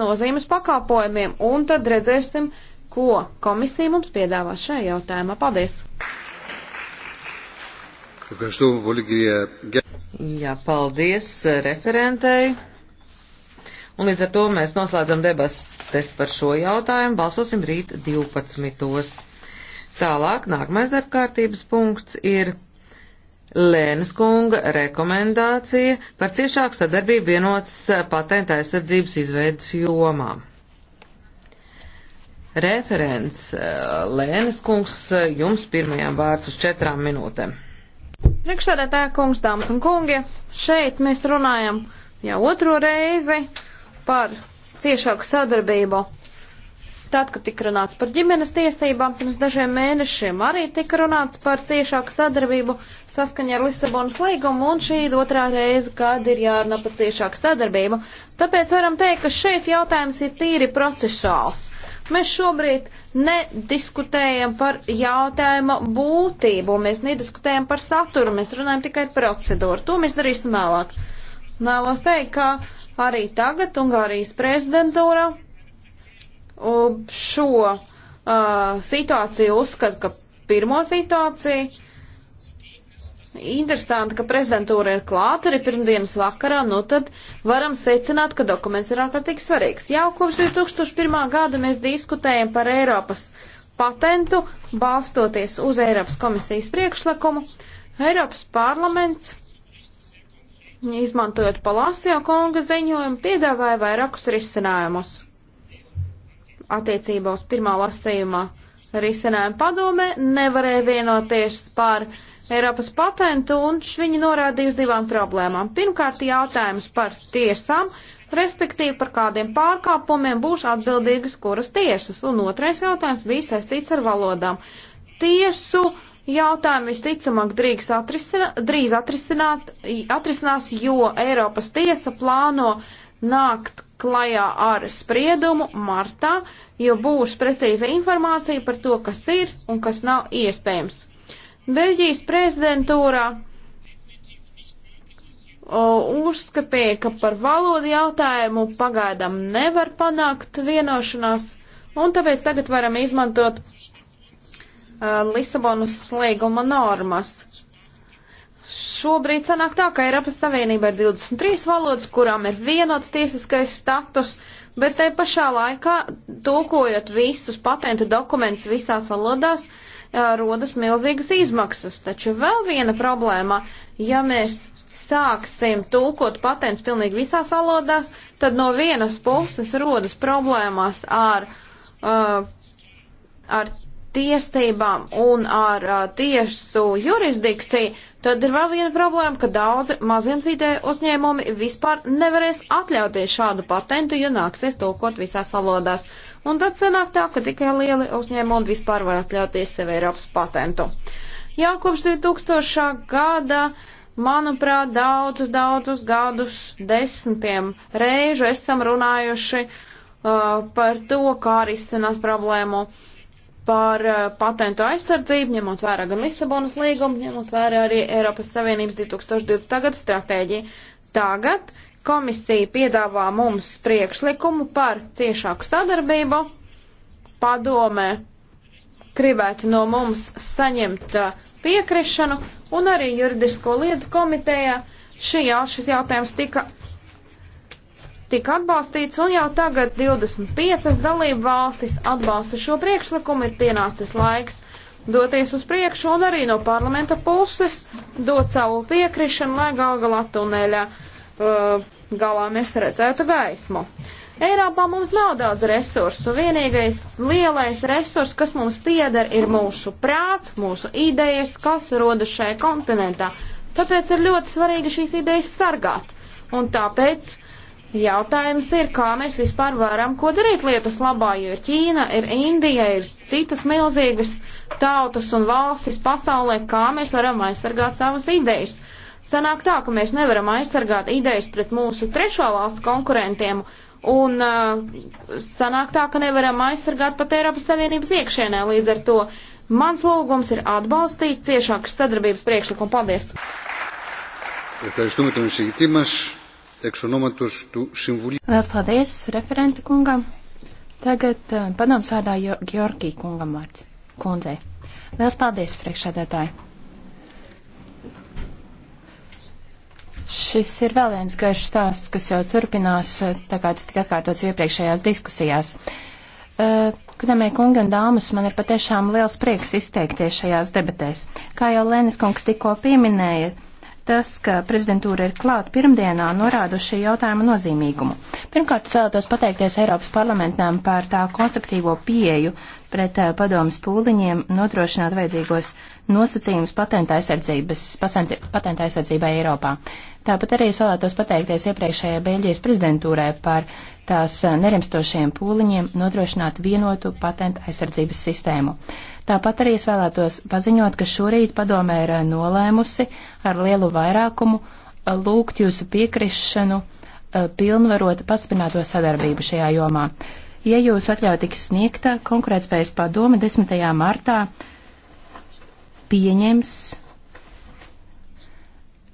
nozīmes pakāpojumiem, un tad redzēsim, ko komisija mums piedāvā šajā jautājumā. Paldies! Jā, paldies referentei. Un līdz ar to mēs noslēdzam debastes par šo jautājumu. Balsosim rīt 12. Tālāk nākamais darbkārtības punkts ir. Lēnas kunga rekomendācija par ciešāku sadarbību vienotas eh, patenta aizsardzības izveidas jomā. Referents eh, Lēnas kungs eh, jums pirmajām vārds uz četrām minūtēm. Priekšstādētāja kungs, dāmas un kungi, šeit mēs runājam jau otro reizi par ciešāku sadarbību Tad, kad tika runāts par ģimenes tiesībām, pirms dažiem mēnešiem arī tika runāts par ciešāku sadarbību saskaņā ar Lisabonas līgumu, un šī ir otrā reize, kad ir jārunā par ciešāku sadarbību. Tāpēc varam teikt, ka šeit jautājums ir tīri procesuāls. Mēs šobrīd nediskutējam par jautājuma būtību, mēs nediskutējam par saturu, mēs runājam tikai par procedūru. To mēs darīsim vēlāk. Vēlos teikt, ka arī tagad Ungārijas prezidentūra šo uh, situāciju uzskata, ka pirmo situāciju, Interesanti, ka prezidentūra ir klāta arī pirmdienas vakarā, nu tad varam secināt, ka dokuments ir ārkārtīgi svarīgs. Jau kopš 2001. gada mēs diskutējam par Eiropas patentu, balstoties uz Eiropas komisijas priekšlikumu. Eiropas parlaments, izmantojot Palāsio konga ziņojumu, piedāvāja vairākus risinājumus attiecībā uz pirmā lasījumā. Risinājumu padomē nevarēja vienoties par uh, Eiropas patentu, un viņi norādīja uz divām problēmām. Pirmkārt, jautājums par tiesām, respektīvi par kādiem pārkāpumiem būs atbildīgas kuras tiesas, un otrais jautājums bija saistīts ar valodām. Tiesu jautājumu visticamāk drīz, atrisinā, drīz atrisināt, atrisinās, jo Eiropas tiesa plāno nākt klajā ar spriedumu martā, jo būs precīza informācija par to, kas ir un kas nav iespējams. Beļģijas prezidentūrā uzskatīja, ka par valodu jautājumu pagaidām nevar panākt vienošanās, un tāpēc tagad varam izmantot uh, Lisabonas slīguma normas. Šobrīd sanāk tā, ka Eiropas Savienība ir 23 valodas, kurām ir vienots tiesiskais status, bet te pašā laikā, tulkojot visus patentu dokumentus visās valodās, uh, rodas milzīgas izmaksas. Taču vēl viena problēma, ja mēs sāksim tulkot patents pilnīgi visās valodās, tad no vienas puses rodas problēmas ar, uh, ar tiesībām un ar uh, tiesu jurisdikciju, tad ir vēl viena problēma, ka daudzi mazienvidēji uzņēmumi vispār nevarēs atļauties šādu patentu, ja nāksies tulkot visās valodās. Un tad sanāk tā, ka tikai lieli uzņēmumi vispār var atļauties sev Eiropas patentu. Jau kopš 2000. gada, manuprāt, daudzus, daudzus gadus, desmitiem reižu esam runājuši uh, par to, kā arī izcenās problēmu uh, par uh, patentu aizsardzību, ņemot vērā gan Lisabonas līgumu, ņemot vērā arī Eiropas Savienības 2020. gada stratēģiju. Tagad Komisija piedāvā mums priekšlikumu par ciešāku sadarbību. Padomē gribētu no mums saņemt uh, piekrišanu un arī juridisko lietu komitejā šī, jā, šis jautājums tika, tika atbalstīts un jau tagad 25 dalību valstis atbalsta šo priekšlikumu, ir pienācis laiks doties uz priekšu un arī no parlamenta puses dot savu piekrišanu, lai gal galā tunelā uh, galā mēs redzētu gaismu. Eiropā mums nav daudz resursu. Vienīgais lielais resurs, kas mums pieder, ir mūsu prāts, mūsu idejas, kas rodas šajā kontinentā. Tāpēc ir ļoti svarīgi šīs idejas sargāt. Un tāpēc jautājums ir, kā mēs vispār varam ko darīt lietas labā, jo ir Ķīna, ir Indija, ir citas milzīgas tautas un valstis pasaulē, kā mēs varam aizsargāt savas idejas. Sanāk tā, ka mēs nevaram aizsargāt idejas pret mūsu trešo valstu konkurentiem, un uh, sanāk tā, ka nevaram aizsargāt pat Eiropas Savienības iekšēnē līdz ar to. Mans lūgums ir atbalstīt ciešākas sadarbības priekšlikumu. Paldies! Lielas paldies referenta kungam. Tagad uh, padoms vārdā Georgī kungam vārds. Kundzei. Lielas paldies, priekšsēdētāji. Šis ir vēl viens garš stāsts, kas jau turpinās, tā kā tas tika atkārtots iepriekšējās diskusijās. Uh, Kudamie kungi un dāmas, man ir patiešām liels prieks izteikties šajās debatēs. Kā jau Lēnis kungs tikko pieminēja, tas, ka prezidentūra ir klāt pirmdienā, norāda šī jautājuma nozīmīgumu. Pirmkārt, es vēlētos pateikties Eiropas parlamentam par tā konstruktīvo pieeju pret uh, padomas pūliņiem nodrošināt vajadzīgos nosacījumus patenta aizsardzības, patenta aizsardzībai Eiropā. Uh, Tāpat arī es vēlētos pateikties iepriekšējai Beļģijas prezidentūrai par tās neremstošiem pūliņiem nodrošināt vienotu patentu aizsardzības sistēmu. Tāpat arī es vēlētos paziņot, ka šorīt padomē ir nolēmusi ar lielu vairākumu eh, lūgt jūsu piekrišanu eh, pilnvarot paspināto sadarbību šajā jomā. Ja jūs atļauj tiks sniegta, konkurētspējas padome 10. martā pieņems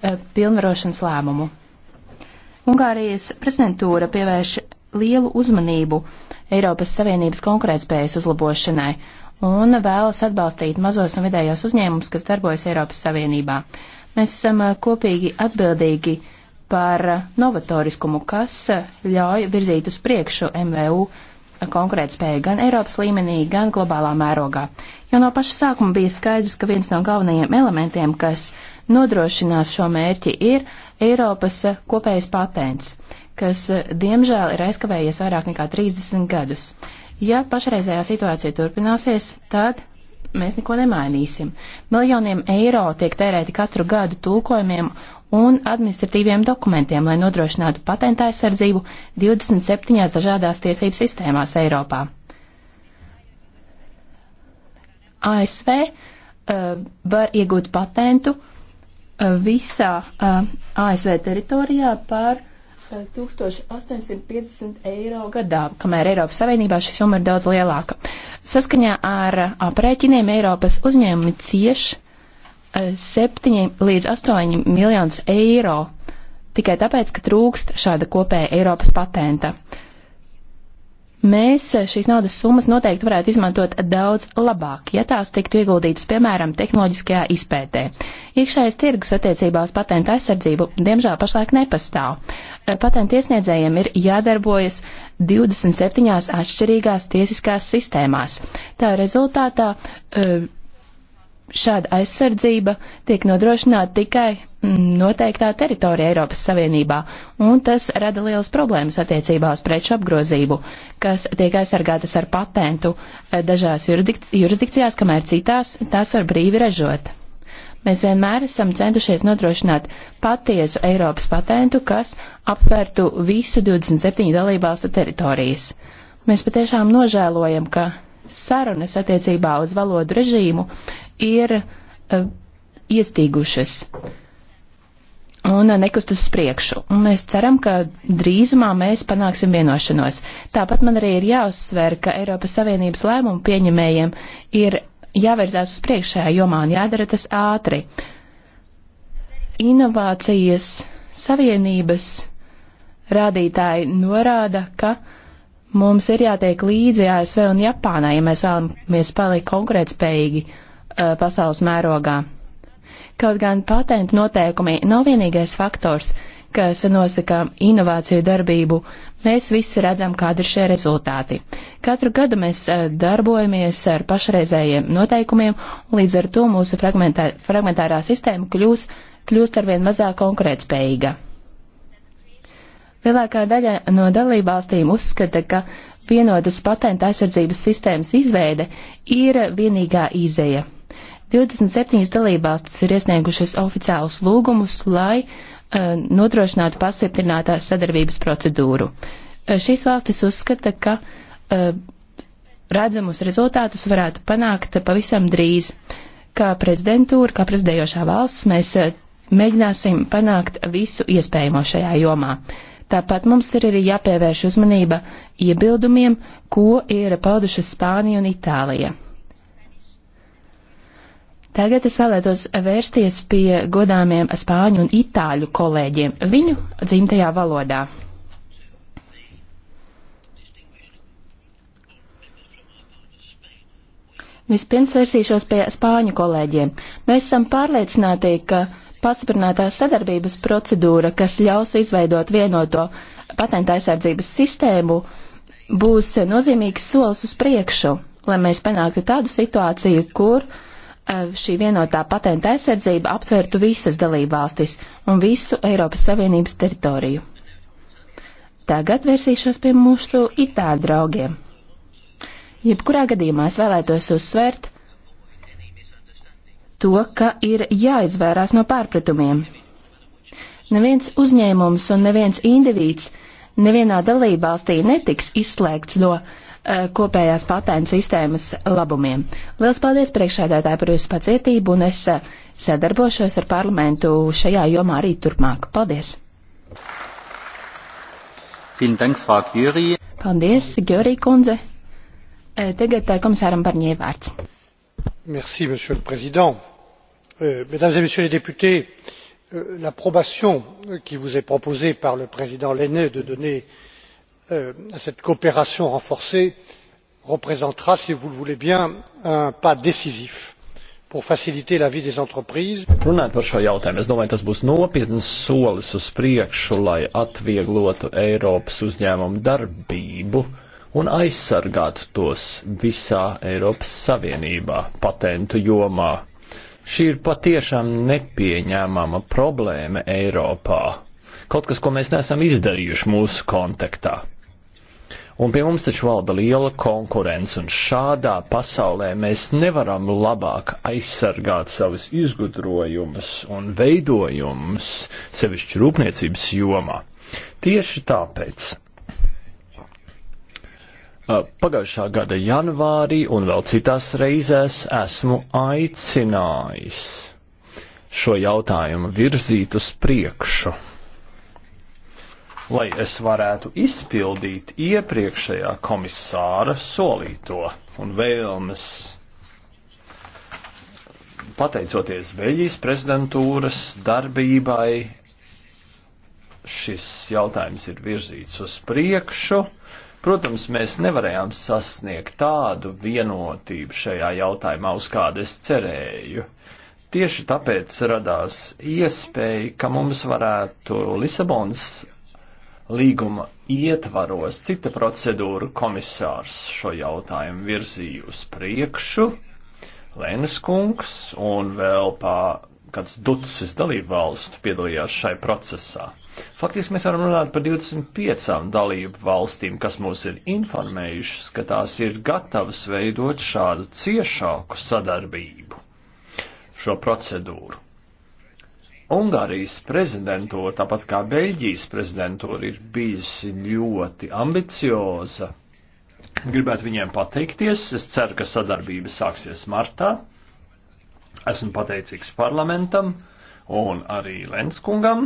Eh, pilnvarošanas lēmumu. Ungārijas prezidentūra pievērš lielu uzmanību Eiropas Savienības konkurētspējas uzlabošanai un vēlas atbalstīt mazos un vidējos uzņēmumus, kas darbojas Eiropas Savienībā. Mēs esam eh, kopīgi atbildīgi par novatoriskumu, kas eh, ļauj virzīt uz priekšu MVU konkurētspēju gan Eiropas līmenī, gan globālā mērogā. Jo no paša sākuma bija skaidrs, ka viens no galvenajiem elementiem, kas nodrošinās šo mērķi, ir Eiropas kopējais patents, kas diemžēl ir aizkavējies vairāk nekā 30 gadus. Ja pašreizējā situācija turpināsies, tad mēs neko nemainīsim. Miljoniem eiro tiek tērēti katru gadu tulkojumiem un administratīviem dokumentiem, lai nodrošinātu patenta aizsardzību 27 dažādās tiesību sistēmās Eiropā. ASV uh, eh, var iegūt patentu uh, Uh, visā uh, ASV teritorijā par 1850 uh, eiro gadā, kamēr Eiropas Savienībā šī summa ir daudz lielāka. Saskaņā ar aprēķiniem Eiropas uzņēmumi cieš 7 līdz 8 miljonus eiro tikai tāpēc, ka trūkst šāda kopēja Eiropas patenta. Uh, mēs šīs naudas summas noteikti varētu izmantot daudz labāk, ja tās tiktu ieguldītas, piemēram, tehnoloģiskajā izpētē. Iekšējais tirgus attiecībā uz patentu aizsardzību diemžēl pašlaik nepastāv. Patentu iesniedzējiem ir jādarbojas 27 atšķirīgās tiesiskās sistēmās. Tā rezultātā eh, šāda aizsardzība tiek nodrošināta tikai mm, noteiktā teritorija Eiropas Savienībā, un tas rada lielas problēmas attiecībā uz preču apgrozību, kas tiek aizsargātas ar patentu eh, dažās jurisdikcijās, kamēr citās tās var brīvi ražot. Mēs vienmēr esam centušies nodrošināt patiesu Eiropas patentu, kas aptvērtu visu 27 dalībvalstu teritorijas. Mēs patiešām nožēlojam, ka sarunas attiecībā uz valodu režīmu uh, ir uh, iestīgušas un nekustas uz priekšu. Un mēs ceram, ka drīzumā mēs panāksim vienošanos. Tāpat man arī ir jāuzsver, ka Eiropas Savienības lēmumu pieņemējiem ir jāvērzās uz priekšējā jomā un jādara tas ātri. Inovācijas Savienības rādītāji norāda, ka mums ir jātiek līdzi ASV un Japānai, ja mēs vēlamies palikt konkurētspējīgi. spējīgi Eh, pasaules mērogā. Kaut gan patentu noteikumi nav vienīgais faktors, kas nosaka inovāciju darbību, mēs visi redzam, kādi ir šie rezultāti. Katru gadu mēs eh, darbojamies ar pašreizējiem noteikumiem, un līdz ar to mūsu fragmentā, fragmentārā sistēma kļūs, kļūst arvien mazāk konkurētspējīga. Lielākā daļa no dalībvalstīm uzskata, ka vienotas patenta aizsardzības sistēmas izveide ir vienīgā izēja 27 dalībvalstis ir iesniegušas oficiālus lūgumus, lai uh, nodrošinātu pastiprinātās sadarbības procedūru. Uh, šīs valstis uzskata, ka uh, redzamus rezultātus varētu panākt pavisam drīz. Kā prezidentūra, kā prezidējošā valsts, mēs mēģināsim panākt visu iespējamo šajā jomā. Tāpat mums ir arī jāpievērš uzmanība iebildumiem, ko ir paudušas Spānija un Itālija. Tagad es vēlētos vērsties pie godāmiem spāņu un itāļu kolēģiem viņu dzimtajā valodā. Vispirms vērsīšos pie spāņu kolēģiem. Mēs esam pārliecināti, ka pastiprinātā sadarbības procedūra, kas ļaus izveidot vienoto patenta aizsardzības sistēmu, būs nozīmīgs solis uz priekšu, lai mēs panāktu tādu situāciju, kur uh, Eh, šī vienotā patenta aizsardzība aptvērtu visas dalībvalstis un visu Eiropas Savienības teritoriju. Tagad vērsīšos pie mūsu itāļu draugiem. Jebkurā gadījumā es vēlētos uzsvērt to, ka ir jāizvērās no pārpratumiem. Neviens uzņēmums un neviens indivīds nevienā dalībvalstī netiks izslēgts no Eh, kopējās patēnu sistēmas labumiem. Lielas paldies priekšsēdētāji par jūsu pacietību un es eh, sadarbošos ar parlamentu šajā jomā arī turpmāk. Paldies! Dank, paldies, Gjorī kundze! Eh, tagad komisāram Barņē vārds. Merci, monsieur le président. Mesdames et messieurs les députés, l'approbation qui vous est proposée par le président Lenne de donner euh, à euh, cette coopération renforcée représentera si vous le voulez bien un pas décisif pour faciliter la vie des entreprises. Runājot par šo jautājumu, es domāju, tas būs nopietns solis uz priekšu, lai atvieglotu Eiropas uzņēmumu darbību un aizsargātu tos visā Eiropas Savienībā patentu jomā. Šī ir patiešām nepieņēmama problēma Eiropā. Kaut kas, ko mēs neesam izdarījuši mūsu kontaktā. Un pie mums taču valda liela konkurence, un šādā pasaulē mēs nevaram labāk aizsargāt savus izgudrojumus un veidojumus, sevišķi rūpniecības jomā. Tieši tāpēc pagājušā gada janvārī un vēl citās reizēs esmu aicinājis šo jautājumu virzīt uz priekšu lai es varētu izpildīt iepriekšējā komisāra solīto un vēlmes. Pateicoties Beļģijas prezidentūras darbībai, šis jautājums ir virzīts uz priekšu. Protams, mēs nevarējām sasniegt tādu vienotību šajā jautājumā, uz kādu es cerēju. Tieši tāpēc radās iespēja, ka mums varētu Lisabonas līguma ietvaros cita procedūra komisārs šo jautājumu virzīja uz priekšu, Lēnas kungs un vēl pā kāds ducis dalību valstu piedalījās šai procesā. Faktiski mēs varam runāt par 25 dalību valstīm, kas mūs ir informējušas, ka tās ir gatavas veidot šādu ciešāku sadarbību šo procedūru. Ungārijas prezidentūra, tāpat kā Beļģijas prezidentūra, ir bijusi ļoti ambicioza. Gribētu viņiem pateikties. Es ceru, ka sadarbība sāksies martā. Esmu pateicīgs parlamentam un arī Lenskungam.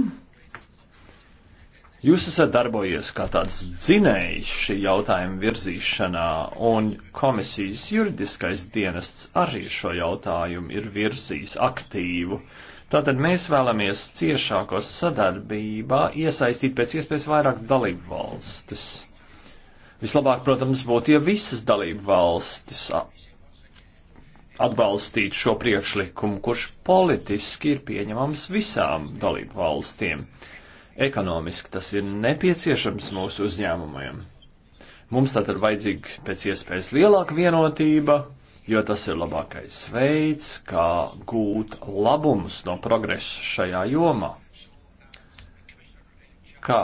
Jūs esat darbojies kā tāds dzinējs šī jautājuma virzīšanā, un komisijas juridiskais dienests arī šo jautājumu ir virzījis aktīvu. Uh, Tātad mēs vēlamies ciešākos sadarbībā iesaistīt pēc iespējas vairāk dalību valstis. Vislabāk, protams, būtu, ja visas dalību valstis atbalstītu šo priekšlikumu, kurš politiski ir pieņemams visām dalību valstīm. Ekonomiski tas ir nepieciešams mūsu uzņēmumiem. Mums tātad vajadzīga pēc iespējas lielāka vienotība, jo tas ir labākais veids, kā gūt labumus no progresa šajā jomā. Kā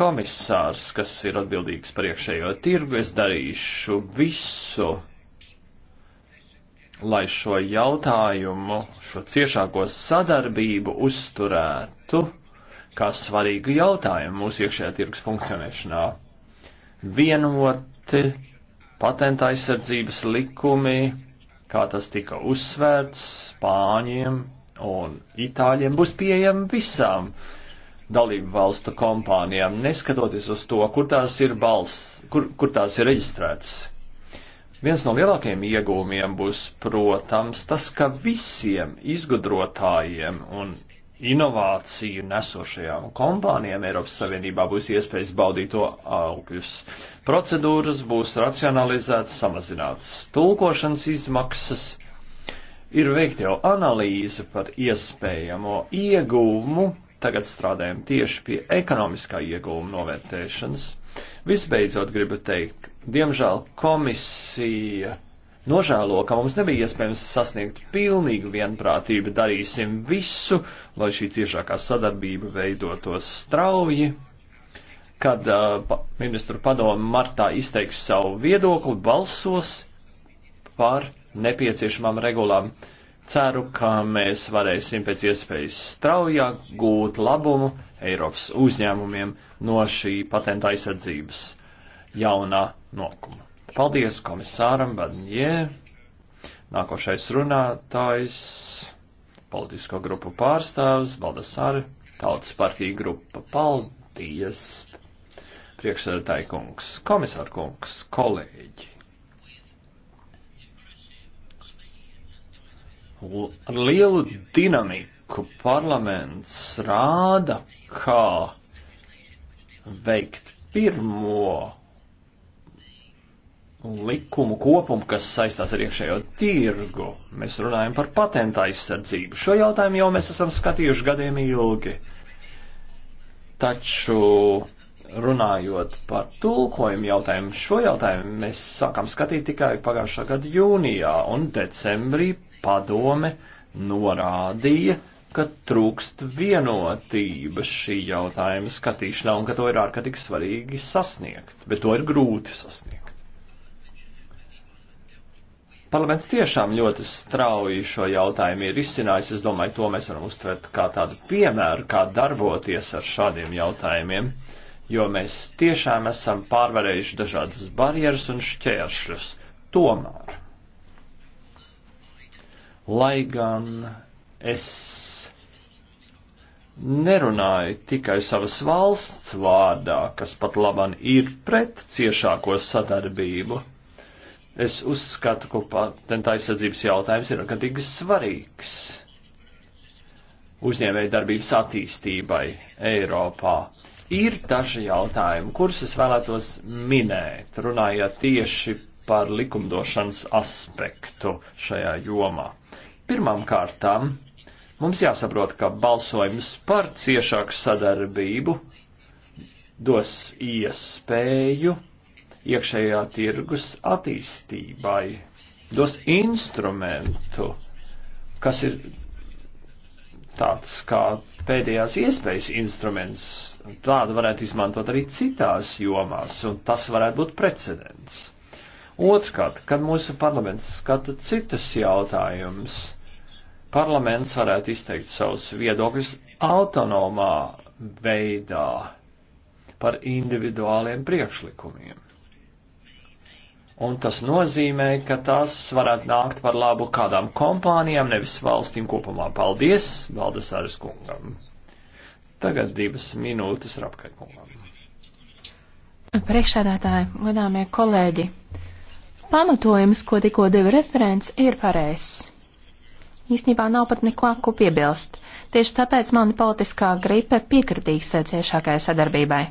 komisārs, kas ir atbildīgs par iekšējo tirgu, es darīšu visu, lai šo jautājumu, šo ciešāko sadarbību uzturētu kā svarīgu jautājumu mūsu iekšējā tirgus funkcionēšanā. Vienoti patenta aizsardzības likumi, kā tas tika uzsvērts, spāņiem un itāļiem būs pieejama visām dalību valstu kompānijām, neskatoties uz to, kur tās ir balss, kur, kur tās ir reģistrētas. Viens no lielākajiem iegūmiem būs, protams, tas, ka visiem izgudrotājiem un inovāciju nesošajām kompānijām Eiropas Savienībā būs iespējas baudīt to augļus. Procedūras būs racionalizētas, samazinātas tulkošanas izmaksas, ir veikta jau analīze par iespējamo ieguvumu, tagad strādājam tieši pie ekonomiskā ieguvuma novērtēšanas. Visbeidzot, gribu teikt, diemžēl komisija nožēlo, ka mums nebija iespējams sasniegt pilnīgu vienprātību. Darīsim visu, lai šī ciešākā sadarbība veidotos strauji. Kad uh, ministru padomu martā izteiks savu viedokli, balsos par nepieciešamām regulām. Ceru, ka mēs varēsim pēc iespējas straujāk gūt labumu Eiropas uzņēmumiem no šī patenta aizsardzības jaunā nokuma. Paldies komisāram Badņē. Nākošais runātājs, politisko grupu pārstāvs, Baldasāri, tautas partija grupa. Paldies! Priekšsēdētāji kungs, komisār kungs, kolēģi. Ar lielu dinamiku parlaments rāda, kā veikt pirmo likumu kopumu, kas saistās ar iekšējo tirgu. Mēs runājam par patenta aizsardzību. Šo jautājumu jau mēs esam skatījuši gadiem ilgi. Taču runājot par tulkojumu jautājumu, šo jautājumu mēs sākam skatīt tikai pagājušā gada jūnijā un decembrī padome norādīja, ka trūkst vienotība šī jautājuma skatīšanā un ka to ir ārkārtīgi svarīgi sasniegt, bet to ir grūti sasniegt. Parlaments tiešām ļoti strauji šo jautājumu ir izcinājis. Es domāju, to mēs varam uztvert kā tādu piemēru, kā darboties ar šādiem jautājumiem, jo mēs tiešām esam pārvarējuši dažādas barjeras un šķēršļus. Tomēr, lai gan es nerunāju tikai savas valsts vārdā, kas pat laban ir pret ciešāko sadarbību Es uzskatu, ka patenta aizsardzības jautājums ir ārkārtīgi svarīgs uzņēmēju darbības attīstībai Eiropā. Ir daži jautājumi, kurus es vēlētos minēt, runājot tieši par likumdošanas aspektu šajā jomā. Pirmām kārtām mums jāsaprot, ka balsojums par ciešāku sadarbību dos iespēju iekšējā tirgus attīstībai, dos instrumentu, kas ir tāds kā pēdējās iespējas instruments. Tādu varētu izmantot arī citās jomās, un tas varētu būt precedents. Otrkārt, kad mūsu parlaments skata citus jautājumus, parlaments varētu izteikt savus viedokļus autonomā veidā par individuāliem priekšlikumiem un tas nozīmē, ka tas varētu nākt par labu kādām kompānijām, nevis valstīm kopumā. Paldies, Valdesāras kungam! Tagad divas minūtes rapkaikungam. Priekšsēdētāji, godāmie kolēģi, pamatojums, ko tikko deva referents, ir pareizs. Īsnībā nav pat neko, ko piebilst. Tieši tāpēc mana politiskā gripe piekritīs ciešākajai sadarbībai.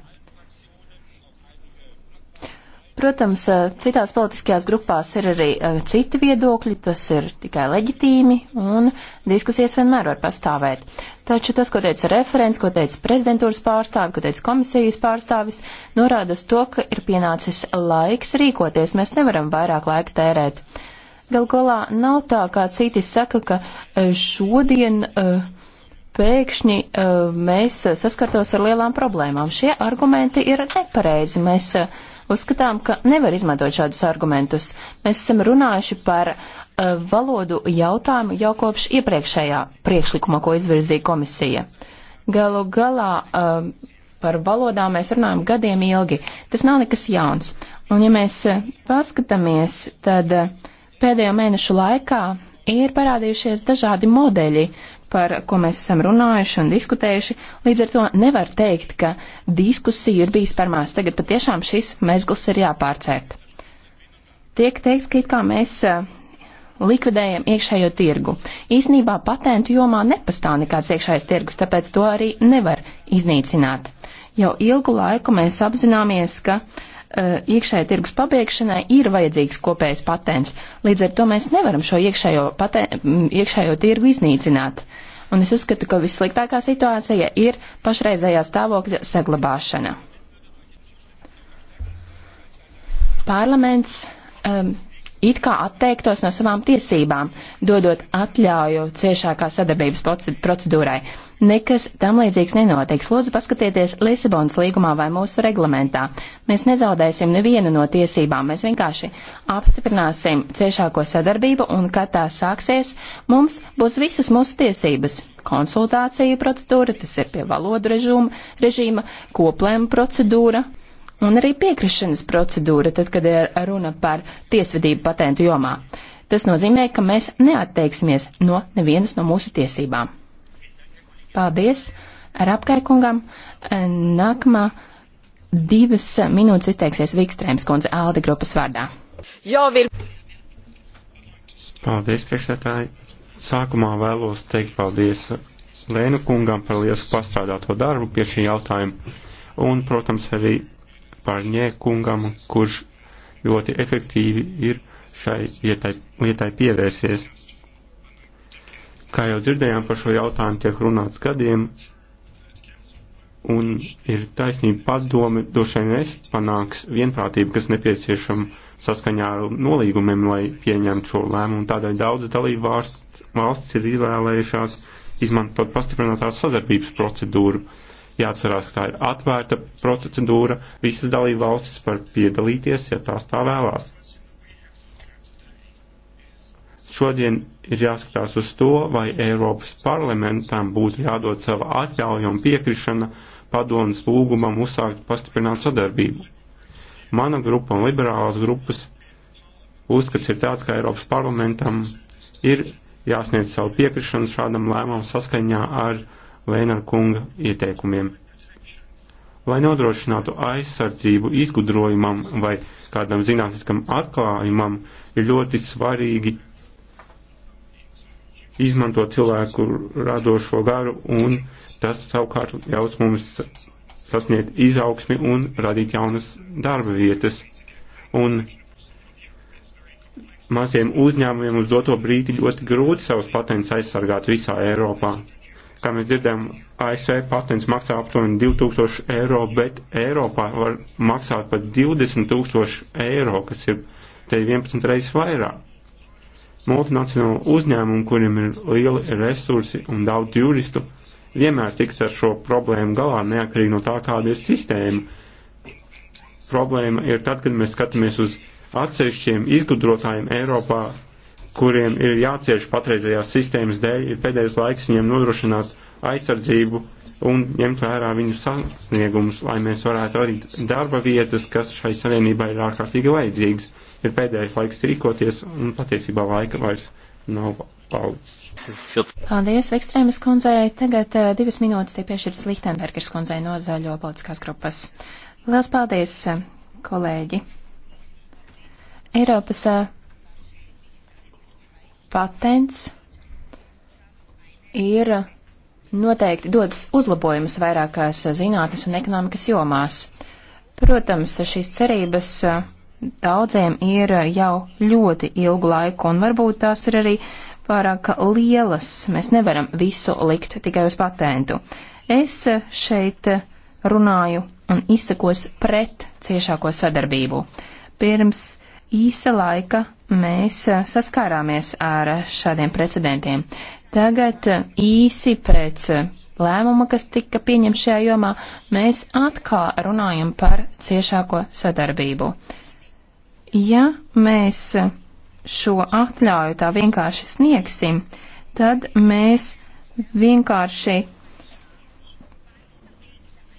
Protams, eh, citās politiskajās grupās ir arī eh, citi viedokļi, tas ir tikai leģitīmi un diskusijas vienmēr var pastāvēt. Taču tas, ko teica referents, ko teica prezidentūras pārstāvis, ko teica komisijas pārstāvis, norāda uz to, ka ir pienācis laiks rīkoties, mēs nevaram vairāk laika tērēt. Galgolā nav tā, kā citi saka, ka eh, šodien pēkšņi mēs saskartos ar lielām problēmām. Šie argumenti ir nepareizi. Mēs, uh, Uzskatām, ka nevar izmantot šādus argumentus. Mēs esam runājuši par uh, valodu jautājumu jau kopš iepriekšējā priekšlikuma, ko izvirzīja komisija. Galu galā uh, par valodām mēs runājam gadiem ilgi. Tas nav nekas jauns. Un ja mēs uh, paskatāmies, tad uh, pēdējo mēnešu laikā ir parādījušies dažādi modeļi, uh, par ko mēs esam runājuši un diskutējuši. Līdz ar to nevar teikt, ka diskusija ir bijis par mās. Tagad patiešām šis mezgls ir jāpārcērt. Tiek teikts, ka it kā mēs eh, likvidējam iekšējo tirgu. Īsnībā patentu jomā nepastāv nekāds iekšējais tirgus, tāpēc to arī nevar iznīcināt. Jau ilgu laiku mēs apzināmies, ka uh, Eh, iekšējā tirgus pabeigšanai ir vajadzīgs kopējs patents. Līdz ar to mēs nevaram šo iekšējo, paten, iekšējo tirgu iznīcināt. Un es uzskatu, ka vissliktākā situācija ir pašreizējā stāvokļa saglabāšana. Parlaments um, it kā atteiktos no savām tiesībām, dodot atļauju ciešākā sadarbības procedūrai. Nekas tam līdzīgs nenotiks. Lūdzu, paskatieties Lisabonas līgumā vai mūsu reglamentā. Mēs nezaudēsim nevienu no tiesībām, mēs vienkārši apstiprināsim ciešāko sadarbību un, kad tā sāksies, mums būs visas mūsu tiesības. Konsultāciju procedūra, tas ir pie valodu režīma, režīma koplēma procedūra, un arī piekrišanas procedūra, tad, kad ir runa par tiesvedību patentu jomā. Tas nozīmē, ka mēs neatteiksimies no nevienas no mūsu tiesībām. Paldies ar apkaikungam. Nākamā divas minūtes izteiksies Vikstrēms kundze Alde grupas vārdā. Jau ir. Paldies, priekšsētāji. Sākumā vēlos teikt paldies Lēnu kungam par liesu pastrādāto darbu pie šī jautājuma. Un, protams, arī Barņē kungam, kurš ļoti efektīvi ir šai vietai, lietai pievērsies. Kā jau dzirdējām, par šo jautājumu tiek runāts gadiem, un ir taisnība padomi, droši vien es panāks vienprātību, kas nepieciešama saskaņā ar nolīgumiem, lai pieņemtu šo lēmumu. Tādēļ daudz dalību valsts, valsts ir izvēlējušās izmantot pastiprinātās sadarbības procedūru Jāatcerās, ka tā ir atvērta procedūra, visas dalība valstis var piedalīties, ja tās tā vēlās. Šodien ir jāskatās uz to, vai Eiropas parlamentam būs jādod sava atļauja un piekrišana padomas lūgumam uzsākt pastiprināt sadarbību. Mana grupa un liberālās grupas uzskats ir tāds, ka Eiropas parlamentam ir jāsniedz savu piekrišanu šādam lēmumam saskaņā ar Veinara kunga ieteikumiem. Lai nodrošinātu aizsardzību izgudrojumam vai kādam zinātniskam atklājumam, ir ļoti svarīgi izmantot cilvēku radošo garu, un tas savukārt ļaus mums sasniegt izaugsmi un radīt jaunas darba vietas. Un maziem uzņēmumiem uz doto brīdi ļoti grūti savus patentus aizsargāt visā Eiropā. Kā mēs dzirdējam, ASV patents maksā aptuveni 2000 eiro, bet Eiropā var maksāt pat 20 tūkstoši eiro, kas ir te 11 reizes vairāk. Multinacionāla uzņēmuma, kuriem ir lieli resursi un daudz juristu, vienmēr tiks ar šo problēmu galā, neatkarīgi no tā, kāda ir sistēma. Problēma ir tad, kad mēs skatāmies uz atsevišķiem izgudrotājiem Eiropā, kuriem ir jācieš patreizējās sistēmas dēļ, ir pēdējais laiks viņiem nodrošināt aizsardzību un ņemt vērā viņu sasniegumus, lai mēs varētu radīt darba vietas, kas šai savienībai ir ārkārtīgi vajadzīgas. Ir pēdējais laiks rīkoties un patiesībā laika vairs nav paudzes. Paldies, Vikstrēmas kundzei. Tagad uh, divas minūtes tiek piešķirtas Lichtenbergers kundzei no zaļo politiskās grupas. Liels paldies, eh, kolēģi! Eiropas uh, patents ir noteikti dodas uzlabojumus vairākās zinātnes un ekonomikas jomās. Protams, šīs cerības daudziem ir jau ļoti ilgu laiku, un varbūt tās ir arī pārāk lielas. Mēs nevaram visu likt tikai uz patentu. Es šeit runāju un izsakos pret ciešāko sadarbību. Pirms īsa laika mēs eh, saskārāmies ar šādiem precedentiem. Tagad eh, īsi pēc eh, lēmuma, kas tika pieņemts šajā jomā, mēs atkal runājam par ciešāko sadarbību. Ja mēs šo atļauju tā vienkārši sniegsim, tad mēs vienkārši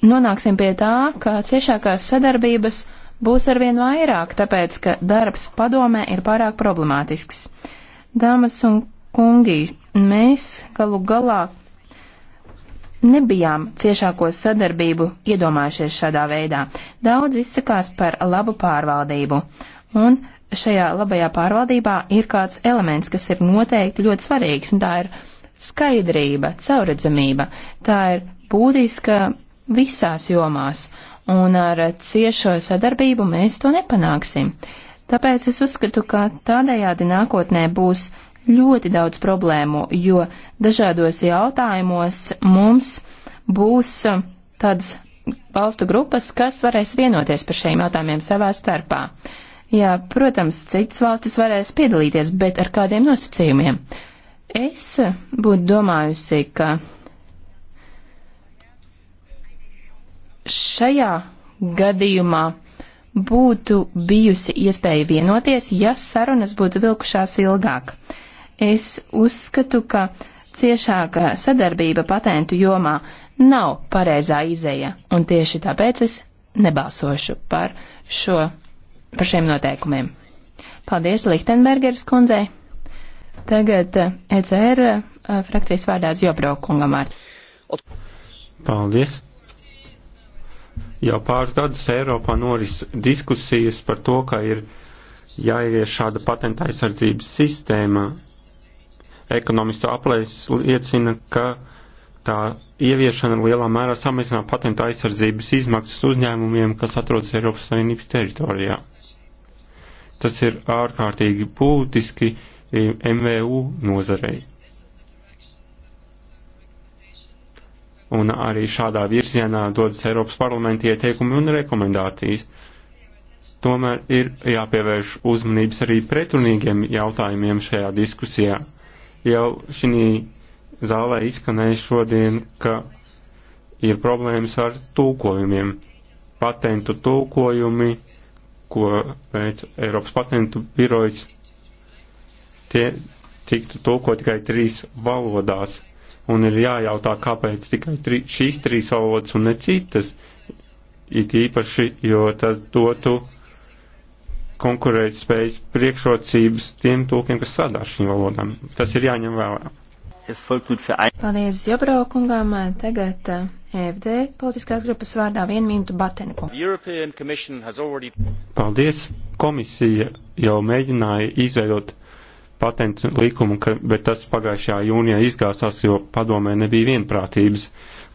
nonāksim pie tā, ka ciešākās sadarbības būs arvien vairāk, tāpēc, ka darbs padomē ir pārāk problemātisks. Dāmas un kungi, mēs galu galā nebijām ciešāko sadarbību iedomājušies šādā veidā. Daudz izsakās par labu pārvaldību. Un šajā labajā pārvaldībā ir kāds elements, kas ir noteikti ļoti svarīgs, un tā ir skaidrība, cauredzamība. Tā ir būtiska visās jomās un ar ciešo sadarbību mēs to nepanāksim. Tāpēc es uzskatu, ka tādējādi nākotnē būs ļoti daudz problēmu, jo dažādos jautājumos mums būs uh, tādas valstu grupas, kas varēs vienoties par šiem jautājumiem savā starpā. Jā, protams, citas valstis varēs piedalīties, bet ar kādiem nosacījumiem? Es uh, būtu domājusi, ka šajā gadījumā būtu bijusi iespēja vienoties, ja sarunas būtu vilkušās ilgāk. Es uzskatu, ka ciešāka sadarbība patentu jomā nav pareizā izēja, un tieši tāpēc es nebalsošu par, šo, par šiem noteikumiem. Paldies Lichtenbergeras kundzei. Tagad ECR eh, e eh, frakcijas vārdā Zjobro kungam ar. Paldies. Jau pāris gadus Eiropā noris diskusijas par to, ka ir jāievieš šāda patenta aizsardzības sistēma. Ekonomistu aplēs liecina, ka tā ieviešana lielā mērā samazinā patenta aizsardzības izmaksas uzņēmumiem, kas atrodas Eiropas Savienības teritorijā. Tas ir ārkārtīgi būtiski eh, MVU nozarei. un arī šādā virzienā dodas Eiropas parlamenta ieteikumi un rekomendācijas. Tomēr ir jāpievērš uzmanības arī pretrunīgiem jautājumiem šajā diskusijā. Jau šī zālē izskanēja šodien, ka ir problēmas ar tulkojumiem. Patentu tulkojumi, ko veic Eiropas patentu birojas, tie tiktu tulko tikai trīs valodās un ir jājautā, kāpēc tikai tri, šīs trīs valodas un ne citas, it īpaši, jo tas dotu konkurētspējas priekšrocības tiem tūkiem, kas strādā šīm valodām. Tas ir jāņem vērā. Paldies Jobro kungām. Tagad EFD eh, politiskās grupas vārdā vienu minūtu Bateniku. Already... Paldies. Komisija jau mēģināja izveidot patentu likumu, ka, bet tas pagājušajā jūnijā izgāzās, jo padomē nebija vienprātības.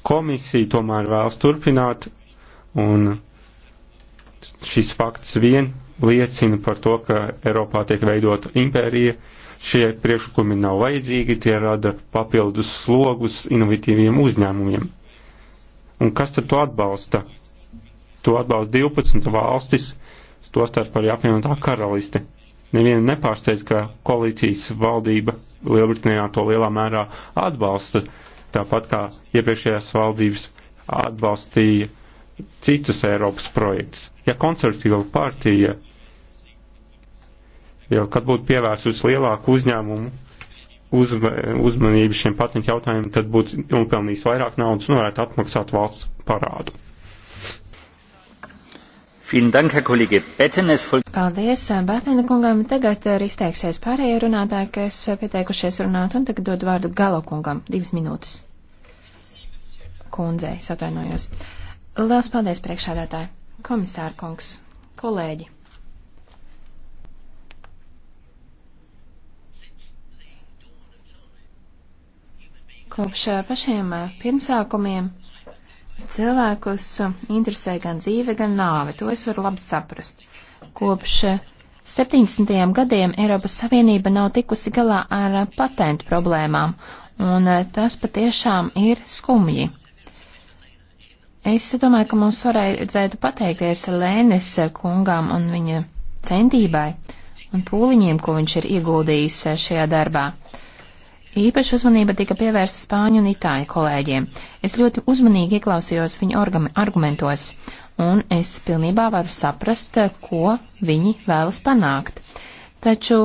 Komisija tomēr vēlas turpināt, un šis fakts vien liecina par to, ka Eiropā tiek veidota impērija. Šie priekšlikumi nav vajadzīgi, tie rada papildus slogus inovatīviem uzņēmumiem. Un kas tad to atbalsta? To atbalsta 12 valstis, to starp arī apvienotā karaliste. Nevienu nepārsteidz, ka koalīcijas valdība Lielbritānijā to lielā mērā atbalsta, tāpat kā iepriekšējās valdības atbalstīja citus Eiropas projektus. Ja konservatīva partija jau kad būtu pievērsus lielāku uzņēmumu uzma, uzmanību šiem patentu jautājumiem, tad būtu nopelnījis vairāk naudas un varētu atmaksāt valsts parādu. Paldies, eh, Bētnina kungam. Tagad arī eh, izteiksies pārējie runātāji, kas eh, pieteikušies runāt, un tagad dod vārdu Galo kungam. Divas minūtes. Kundzei, atvainojos. Lielas paldies, priekšādātāji. Komisāra kungs, kolēģi. Kopš pašiem pirmsākumiem Cilvēkus uh, interesē gan dzīve, gan nāve, to es varu labi saprast. Kopš 70. Uh, gadiem Eiropas Savienība nav tikusi galā ar uh, patentu problēmām, un tas patiešām ir skumji. Es domāju, ka mums varētu pateikties Lēnes kungām un viņa centībai un pūliņiem, ko viņš ir ieguldījis šajā darbā. Īpaša uzmanība tika pievērsta spāņu un itāļu kolēģiem. Es ļoti uzmanīgi ieklausījos viņu argumentos, un es pilnībā varu saprast, ko viņi vēlas panākt. Taču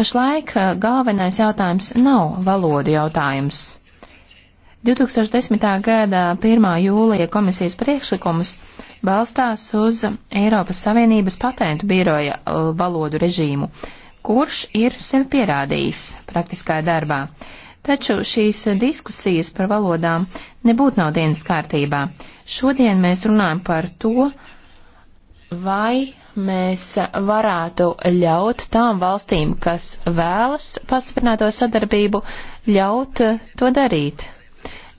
pašlaik eh, galvenais jautājums nav valodu jautājums. 2010. gada 1. jūlija komisijas priekšlikums balstās uz Eiropas Savienības patentu biroja eh, valodu režīmu, kurš ir sevi pierādījis praktiskā darbā. Taču šīs diskusijas par valodām nebūtu nav dienas kārtībā. Šodien mēs runājam par to, vai mēs varētu ļaut tām valstīm, kas vēlas pastiprināto sadarbību, ļaut eh, to darīt.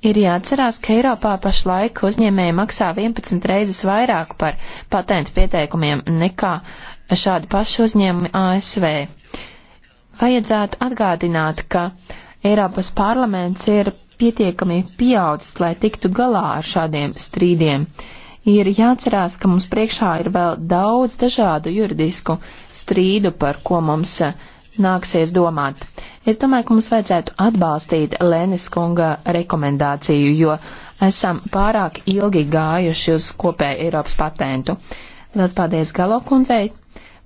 Ir jāatcerās, ka Eiropā pašlaik uzņēmēji maksā 11 reizes vairāk par patentu pieteikumiem nekā uh, šādi paši uzņēmumi ASV. Vajadzētu atgādināt, ka Eiropas parlaments ir pietiekami pieaudzis, lai tiktu galā ar šādiem strīdiem. Ir jāatcerās, ka mums priekšā ir vēl daudz dažādu juridisku strīdu, par ko mums nāksies domāt. Es domāju, ka mums vajadzētu atbalstīt Lēnes kunga rekomendāciju, jo esam pārāk ilgi gājuši uz kopēju Eiropas patentu. Lielas paldies Galo kundzei,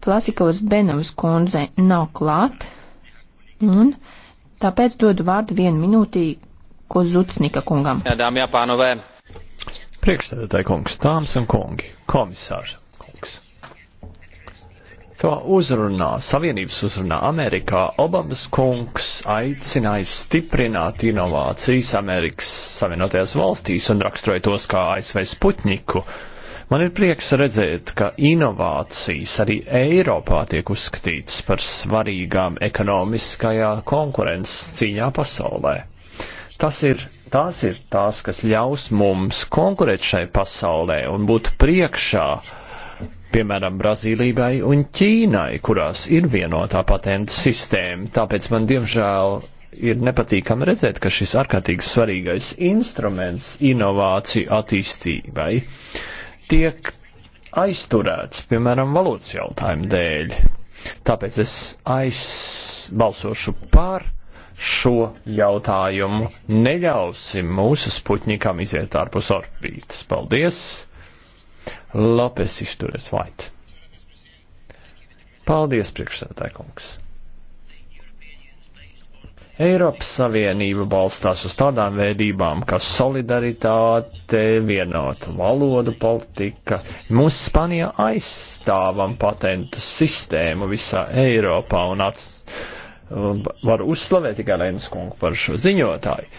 Plasikovas Benovas kundze nav klāt, un tāpēc dodu vārdu vienu minūtī Kozucnika kungam. Jā, dāmas un pānovē. Priekšstādātāji kungs, dāmas un kungi, komisārs kungs. To uzrunā, Savienības uzrunā Amerikā Obamas kungs aicināja stiprināt inovācijas Amerikas Savienotajās valstīs un raksturoja tos kā ASV Sputniku. Uh, Man ir prieks redzēt, ka inovācijas arī Eiropā tiek uzskatītas par svarīgām ekonomiskajā konkurences cīņā pasaulē. Tas ir, tās ir tās, kas ļaus mums konkurēt šai pasaulē un būt priekšā, piemēram, Brazīlijai un Ķīnai, kurās ir vienotā patenta sistēma. Tāpēc man diemžēl ir nepatīkami redzēt, ka šis ārkārtīgi svarīgais instruments inovāciju attīstībai tiek aizturēts, piemēram, valūtas jautājumu dēļ. Tāpēc es aizbalsošu par šo jautājumu. Neļausim mūsu spuķnikam iziet ārpus orbītas. Paldies! Lopes izturēs vait. Paldies, priekšsēdētāj kungs! Eiropas Savienība balstās uz tādām vērtībām kā solidaritāte, vienota valoda politika. Mums Spanijā aizstāvam patentu sistēmu visā Eiropā un ats, var uzslavēt tikai Lēnas kungu par šo ziņotāju.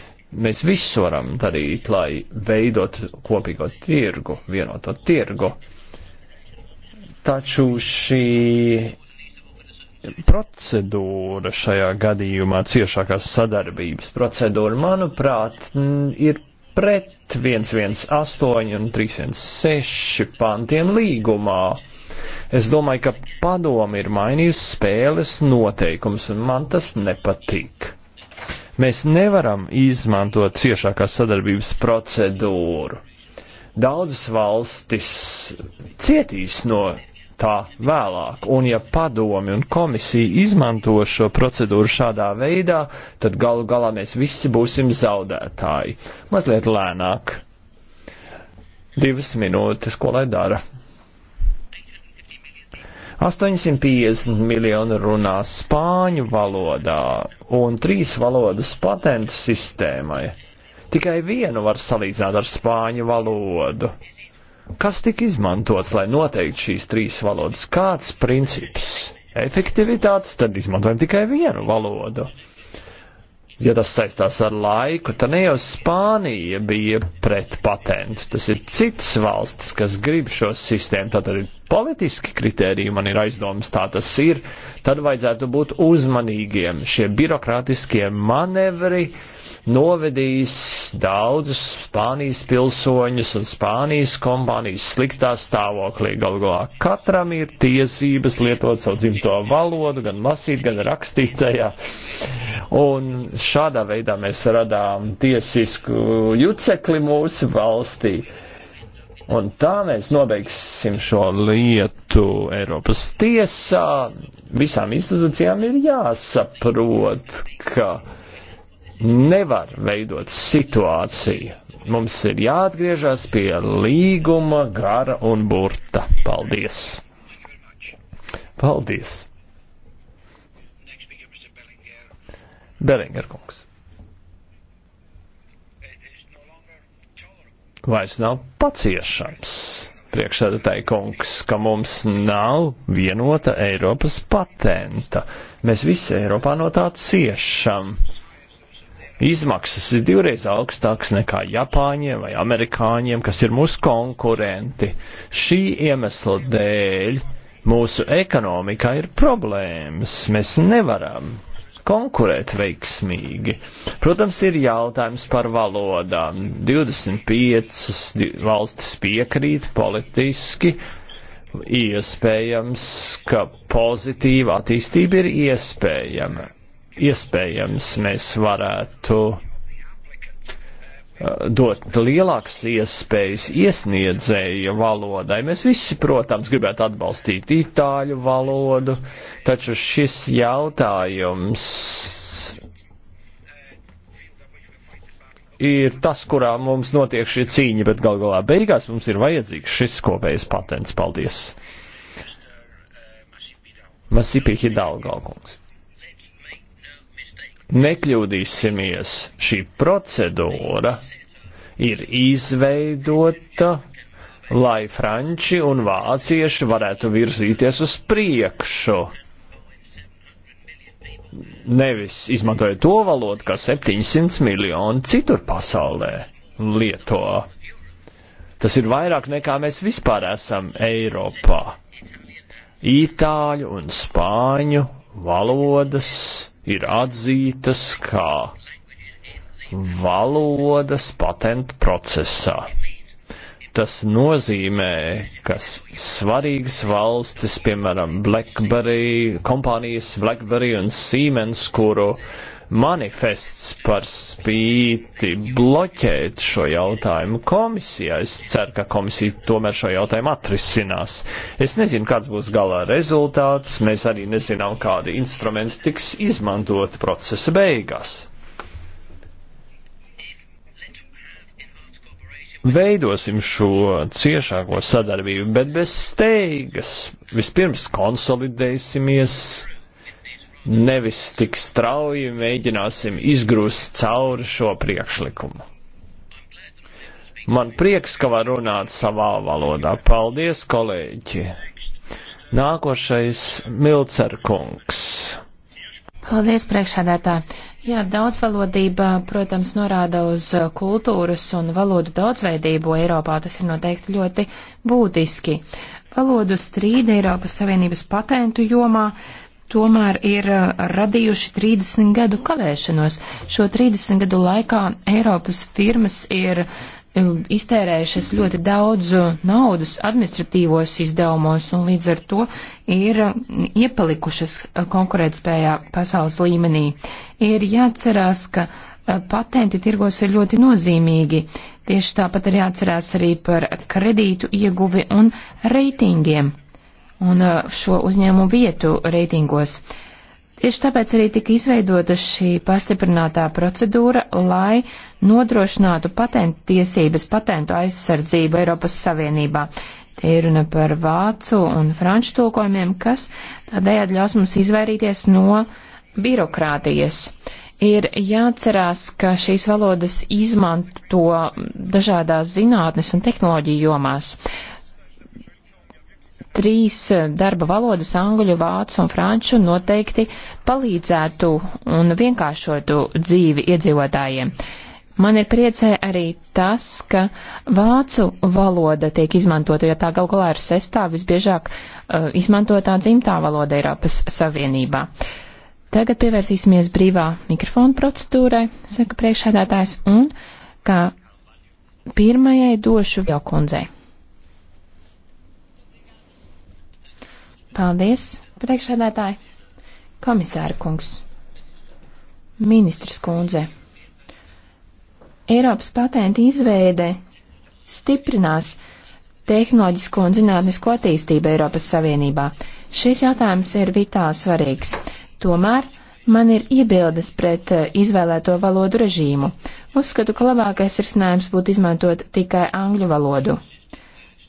Mēs visu varam darīt, lai veidot kopīgo tirgu, vienoto tirgu. Taču šī procedūra šajā gadījumā, ciešākās sadarbības procedūra, manuprāt, ir pret 118 un 316 pantiem līgumā. Es domāju, ka padomi ir mainījusi spēles noteikums, un man tas nepatīk. Mēs nevaram izmantot ciešākās sadarbības procedūru. Daudzas valstis cietīs no tā vēlāk. Un ja padomi un komisija izmanto šo procedūru šādā veidā, tad galu galā mēs visi būsim zaudētāji. Mazliet lēnāk. Divas minūtes, ko lai dara. 850 miljoni runā spāņu valodā un trīs valodas patentu sistēmai. Tikai vienu var salīdzināt ar spāņu valodu. Kas tika izmantots, lai noteiktu šīs trīs valodas? Kāds princips? Efektivitātes, tad izmantojam tikai vienu valodu. Ja tas saistās ar laiku, tad ne jau Spānija bija pret patentu. Tas ir citas valsts, kas grib šo sistēmu. Tātad ir politiski kritēriji, man ir aizdomas, tā tas ir. Tad vajadzētu būt uzmanīgiem. Šie birokrātiskie manevri uh, novedījis daudzus Spānijas pilsoņus un Spānijas kompānijas sliktā stāvoklī. Galu galā katram ir tiesības lietot savu dzimto valodu, gan lasīt, gan rakstīt tajā. Un šādā veidā mēs radām tiesisku jucekli mūsu valstī. Un tā mēs nobeigsim šo lietu Eiropas tiesā. Visām institūcijām ir jāsaprot, ka nevar veidot situāciju. Mums ir jāatgriežas pie līguma gara un burta. Paldies! Paldies! Beringer kungs. Vairs nav paciešams priekšsēdētāji kungs, ka mums nav vienota Eiropas patenta. Mēs visi Eiropā no tā ciešam izmaksas ir divreiz augstākas nekā Japāņiem vai Amerikāņiem, kas ir mūsu konkurenti. Šī iemesla dēļ mūsu ekonomikā ir problēmas. Mēs nevaram konkurēt veiksmīgi. Protams, ir jautājums par valodām. 25 valstis piekrīt politiski. Iespējams, ka pozitīva attīstība ir iespējama iespējams mēs varētu uh, dot lielākas iespējas iesniedzēja valodai. Mēs visi, protams, gribētu atbalstīt itāļu valodu, taču šis jautājums ir tas, kurā mums notiek šī cīņa, bet gal galā beigās mums ir vajadzīgs šis kopējs patents. Paldies! Masipī Hidalgalkungs. Nekļūdīsimies, šī procedūra ir izveidota, lai franči un vācieši varētu virzīties uz priekšu nevis izmantoja to valodu, kā 700 miljoni citur pasaulē lieto. Tas ir vairāk nekā mēs vispār esam Eiropā. Itāļu un spāņu valodas ir atzītas kā valodas patentu procesā. Tas nozīmē, ka svarīgas valstis, piemēram, BlackBerry, kompānijas BlackBerry un Siemens, kuru uh, manifests par spīti bloķēt šo jautājumu komisijā. Es ceru, ka komisija tomēr šo jautājumu atrisinās. Es nezinu, kāds būs galā rezultāts, mēs arī nezinām, kādi instrumenti tiks izmantot procesa beigās. Veidosim šo ciešāko sadarbību, bet bez steigas. Vispirms konsolidēsimies, nevis tik strauji mēģināsim izgrūst cauri šo priekšlikumu. Man prieks, ka var runāt savā valodā. Paldies, kolēģi! Nākošais Milcerkungs. Paldies, priekšādētāji! Jā, daudzvalodība, protams, norāda uz kultūras un valodu daudzveidību Eiropā. Tas ir noteikti ļoti būtiski. Valodu strīda Eiropas Savienības patentu jomā tomēr ir uh, radījuši 30 gadu kavēšanos. Šo 30 gadu laikā Eiropas firmas ir uh, iztērējušas ļoti daudz uh, naudas administratīvos izdevumos un līdz ar to ir iepalikušas konkurētspējā pasaules līmenī. Ir jāatcerās, ka patenti tirgos ir ļoti nozīmīgi. Tieši tāpat ir jāatcerās arī par kredītu ieguvi un reitingiem un uh, šo uzņēmumu vietu reitingos. Tieši tāpēc arī tika izveidota šī pastiprinātā procedūra, lai nodrošinātu patentu tiesības, patentu aizsardzību Eiropas Savienībā. Te ir runa par vācu un franču tulkojumiem, kas tādējādi ļaus mums izvairīties no birokrātijas. Ir jāatcerās, ka šīs valodas izmanto dažādās zinātnes un tehnoloģiju jomās. Uh, trīs eh, darba valodas - angļu, vācu un franču - noteikti palīdzētu un vienkāršotu dzīvi iedzīvotājiem. Man ir priecē arī tas, ka vācu valoda tiek izmantota, jo tā galu galā ir sestā visbiežāk uh, izmantotā dzimtā valoda Eiropas Savienībā. Tagad pievērsīsimies brīvā mikrofona procedūrai, saka priekšsēdētājs, un kā pirmajai došu jau kundzei. Paldies, priekšsēdētāji. Komisāra kungs. Ministrs kundze. Eiropas patenta izveide stiprinās tehnoloģisko un zinātnisko attīstību Eiropas Savienībā. Šis jautājums ir vitāli svarīgs. Tomēr man ir iebildes pret eh, izvēlēto valodu režīmu. Uzskatu, ka labākais risinājums būtu izmantot tikai angļu valodu.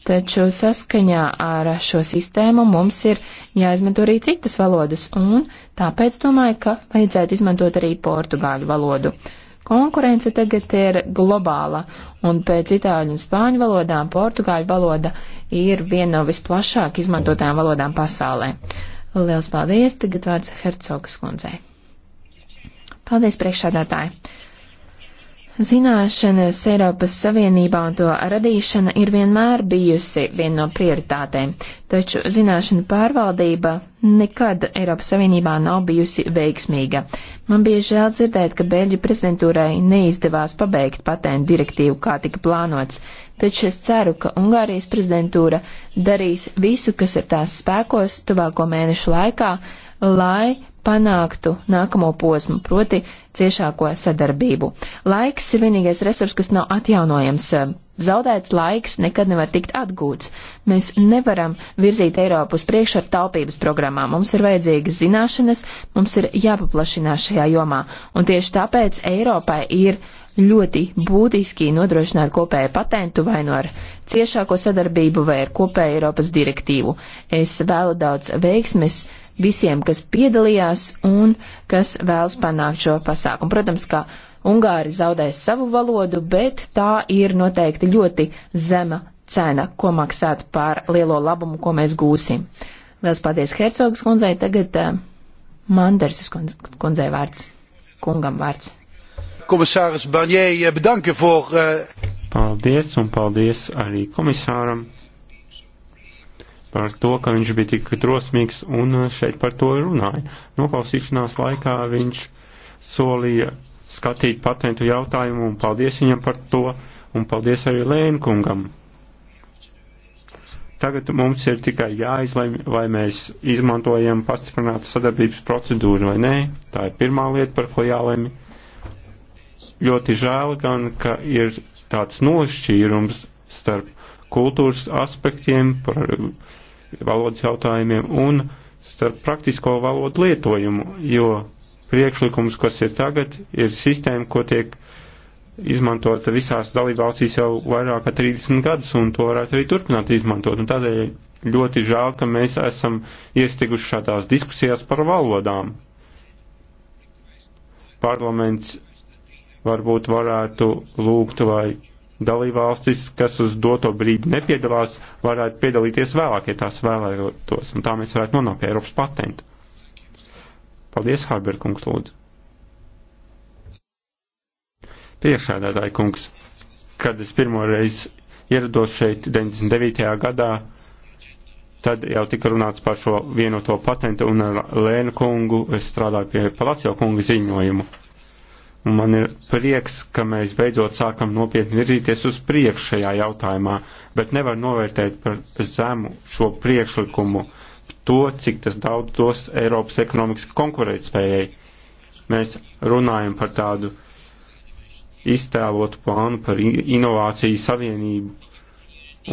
Taču saskaņā ar šo sistēmu mums ir jāizmanto arī citas valodas, un tāpēc domāju, ka vajadzētu izmantot arī portugāļu valodu. Konkurence tagad ir globāla, un pēc itāļu un spāņu valodām portugāļu valoda ir viena no visplašāk izmantotajām valodām pasaulē. Liels paldies, tagad vārds Hercogas kundzei. Paldies priekšādātāji! Zināšanas Eiropas Savienībā un to radīšana ir vienmēr bijusi viena no prioritātēm, taču zināšanu pārvaldība nekad Eiropas Savienībā nav bijusi veiksmīga. Man bija žēl dzirdēt, ka Beļģu prezidentūrai neizdevās pabeigt patentu direktīvu, kā tika plānots, taču es ceru, ka Ungārijas prezidentūra darīs visu, kas ir tās spēkos tuvāko mēnešu laikā, lai panāktu nākamo posmu, proti ciešāko sadarbību. Laiks ir vienīgais resurs, kas nav atjaunojams. Zaudēts laiks nekad nevar tikt atgūts. Mēs nevaram virzīt Eiropu uz priekšu ar taupības programmām. Mums ir vajadzīgas zināšanas, mums ir jāpaplašinās šajā jomā. Un tieši tāpēc Eiropai ir ļoti būtiski nodrošināt kopēju patentu vai no nu ar ciešāko sadarbību vai ar kopēju Eiropas direktīvu. Es vēlu daudz veiksmes visiem, kas piedalījās un kas vēlas panākt šo pasākumu. Protams, ka Ungāri zaudēs savu valodu, bet tā ir noteikti ļoti zema cena, ko maksāt par lielo labumu, ko mēs gūsim. Liels paldies Hercogas kundzei, tagad uh, Manderses kundzei vārds, kungam vārds. Komisārs Barņē, bedanke for. Uh... Eh, paldies un paldies arī komisāram par to, ka viņš bija tik drosmīgs un uh, šeit par to runāja. Noklausīšanās laikā viņš solīja skatīt patentu jautājumu un paldies viņam par to un paldies arī Lēnkungam. Tagad mums ir tikai jāizlem, vai mēs izmantojam pastiprinātu sadarbības procedūru vai nē. Tā ir pirmā lieta, par ko jālemj. Ļoti žēl gan, ka ir tāds nošķīrums starp kultūras aspektiem, par valodas jautājumiem un starp praktisko valodu lietojumu, jo priekšlikums, kas ir tagad, ir sistēma, ko tiek izmantota visās dalībvalstīs jau vairāk kā 30 gadus, un to varētu arī turpināt izmantot. Un tādēļ ļoti žēl, ka mēs esam iestiguši šādās diskusijās par valodām. Parlaments varbūt varētu lūgt, vai dalībvalstis, kas uz doto brīdi nepiedalās, varētu piedalīties vēlāk, ja tās vēlētos, un tā mēs varētu nonākt pie Eiropas patenta. Paldies, Hārberkungs, lūdzu. Priekšādātāji kungs, kad es pirmo reizi ierados šeit 99. gadā, tad jau tika runāts par šo vienoto patentu un ar Lēnu kungu es strādāju pie Palacio kunga ziņojumu Un man ir prieks, ka mēs beidzot sākam nopietni virzīties uz priekšu šajā jautājumā, bet nevar novērtēt par zemu šo priekšlikumu, to, cik tas daudz dos Eiropas ekonomikas konkurētspējai. Mēs runājam par tādu iztēlotu plānu par inovāciju savienību,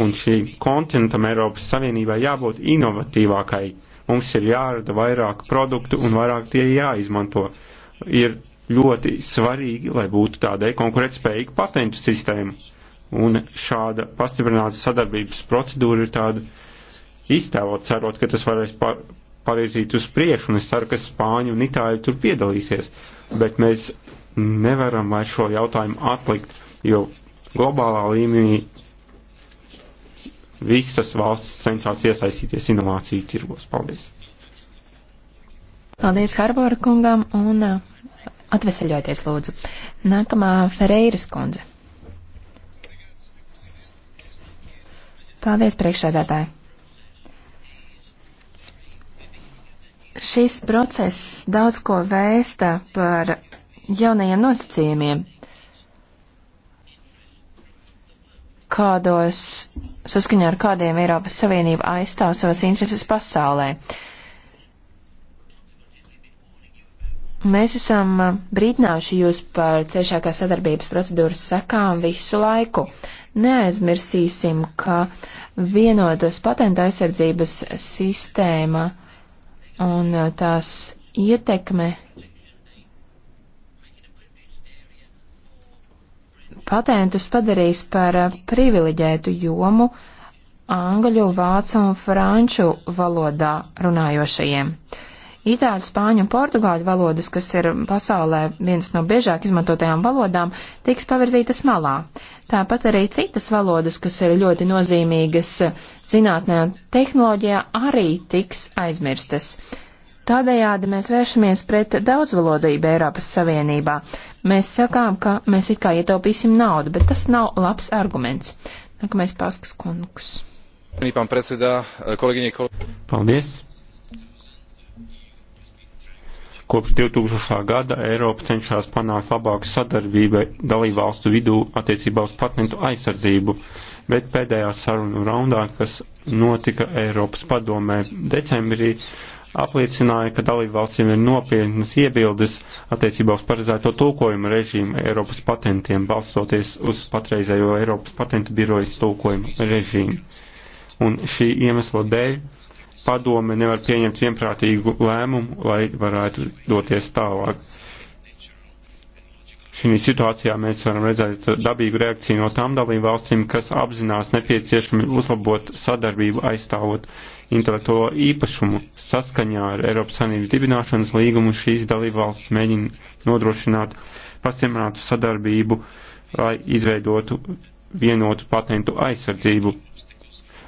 un šī kontinentam Eiropas Savienībai jābūt inovatīvākai. Mums ir jārada vairāk produktu un vairāk tie jāizmanto. Ir ļoti svarīgi, lai būtu tādai konkurētspējīga patentu sistēma. Un šāda pastiprināta sadarbības procedūra ir tāda iztēlot, cerot, ka tas varēs par, pavirzīt uz priekšu, un es ceru, ka Spāņu un Itāļu tur piedalīsies. Bet mēs nevaram vairs šo jautājumu atlikt, jo globālā līmenī visas valstis cenšas iesaistīties inovāciju tirgos. Paldies! Paldies Harbora kungam un uh, Atveseļojieties, lūdzu. Nākamā Ferreiras kundze. Paldies, priekšsēdētāji. Šis process daudz ko vēsta par jaunajiem nosacījumiem, kādos saskaņā ar kādiem Eiropas Savienība aizstāv savas intereses pasaulē. Uh, Mēs esam uh, brīdinājuši jūs par ciešākās sadarbības procedūras sekām visu laiku. Neaizmirsīsim, ka vienotas patenta aizsardzības sistēma un uh, tās ietekme patentus padarīs par uh, privileģētu jomu angļu, vācu un franču valodā runājošajiem. Uh, Itāļu, spāņu un portugāļu valodas, kas ir pasaulē viens no biežāk izmantotajām valodām, tiks pavirzītas malā. Tāpat arī citas valodas, kas ir ļoti nozīmīgas zinātnē un tehnoloģijā, arī tiks aizmirstas. Tādējādi mēs vēršamies pret daudzvalodību Eiropas Savienībā. Mēs sakām, ka mēs it kā ietaupīsim naudu, bet tas nav labs arguments. Nākamais paskas kungs. Paldies! Kopš 2000. gada Eiropa cenšas panākt labāku sadarbību dalībvalstu vidū attiecībā uz patentu aizsardzību, bet pēdējā sarunu raundā, kas notika Eiropas padomē decembrī, apliecināja, ka dalībvalstīm ir nopietnas iebildes attiecībā uz paredzēto tulkojumu režīmu Eiropas patentiem, balstoties uz patreizējo Eiropas patentu birojas tulkojumu režīmu. Un šī iemesla dēļ padome nevar pieņemt vienprātīgu lēmumu, lai varētu doties tālāk. Šī situācijā mēs varam redzēt dabīgu reakciju no tām dalību valstīm, kas apzinās nepieciešami uzlabot sadarbību aizstāvot intelektuālo īpašumu. Saskaņā ar Eiropas Sanības dibināšanas līgumu šīs dalību valsts mēģina nodrošināt pastiprinātu sadarbību, lai izveidotu vienotu patentu aizsardzību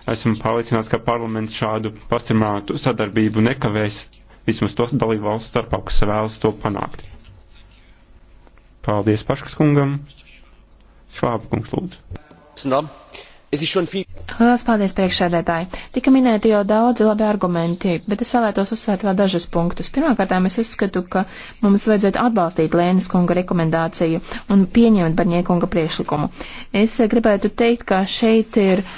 Esmu pārliecināts, ka parlaments šādu pastiprinātu sadarbību nekavēs vismaz tos dalību valsts starpā, kas vēlas to panākt. Paldies Paškas kungam. Švāba kungs lūdzu. Lielas paldies priekšsēdētāji. Tika minēti jau daudzi labi argumenti, bet es vēlētos uzsvērt vēl dažus punktus. Pirmkārt, es uzskatu, ka mums vajadzētu atbalstīt Lēnas kunga rekomendāciju un pieņemt Barņiekunga priešlikumu. Es gribētu teikt, ka šeit ir uh,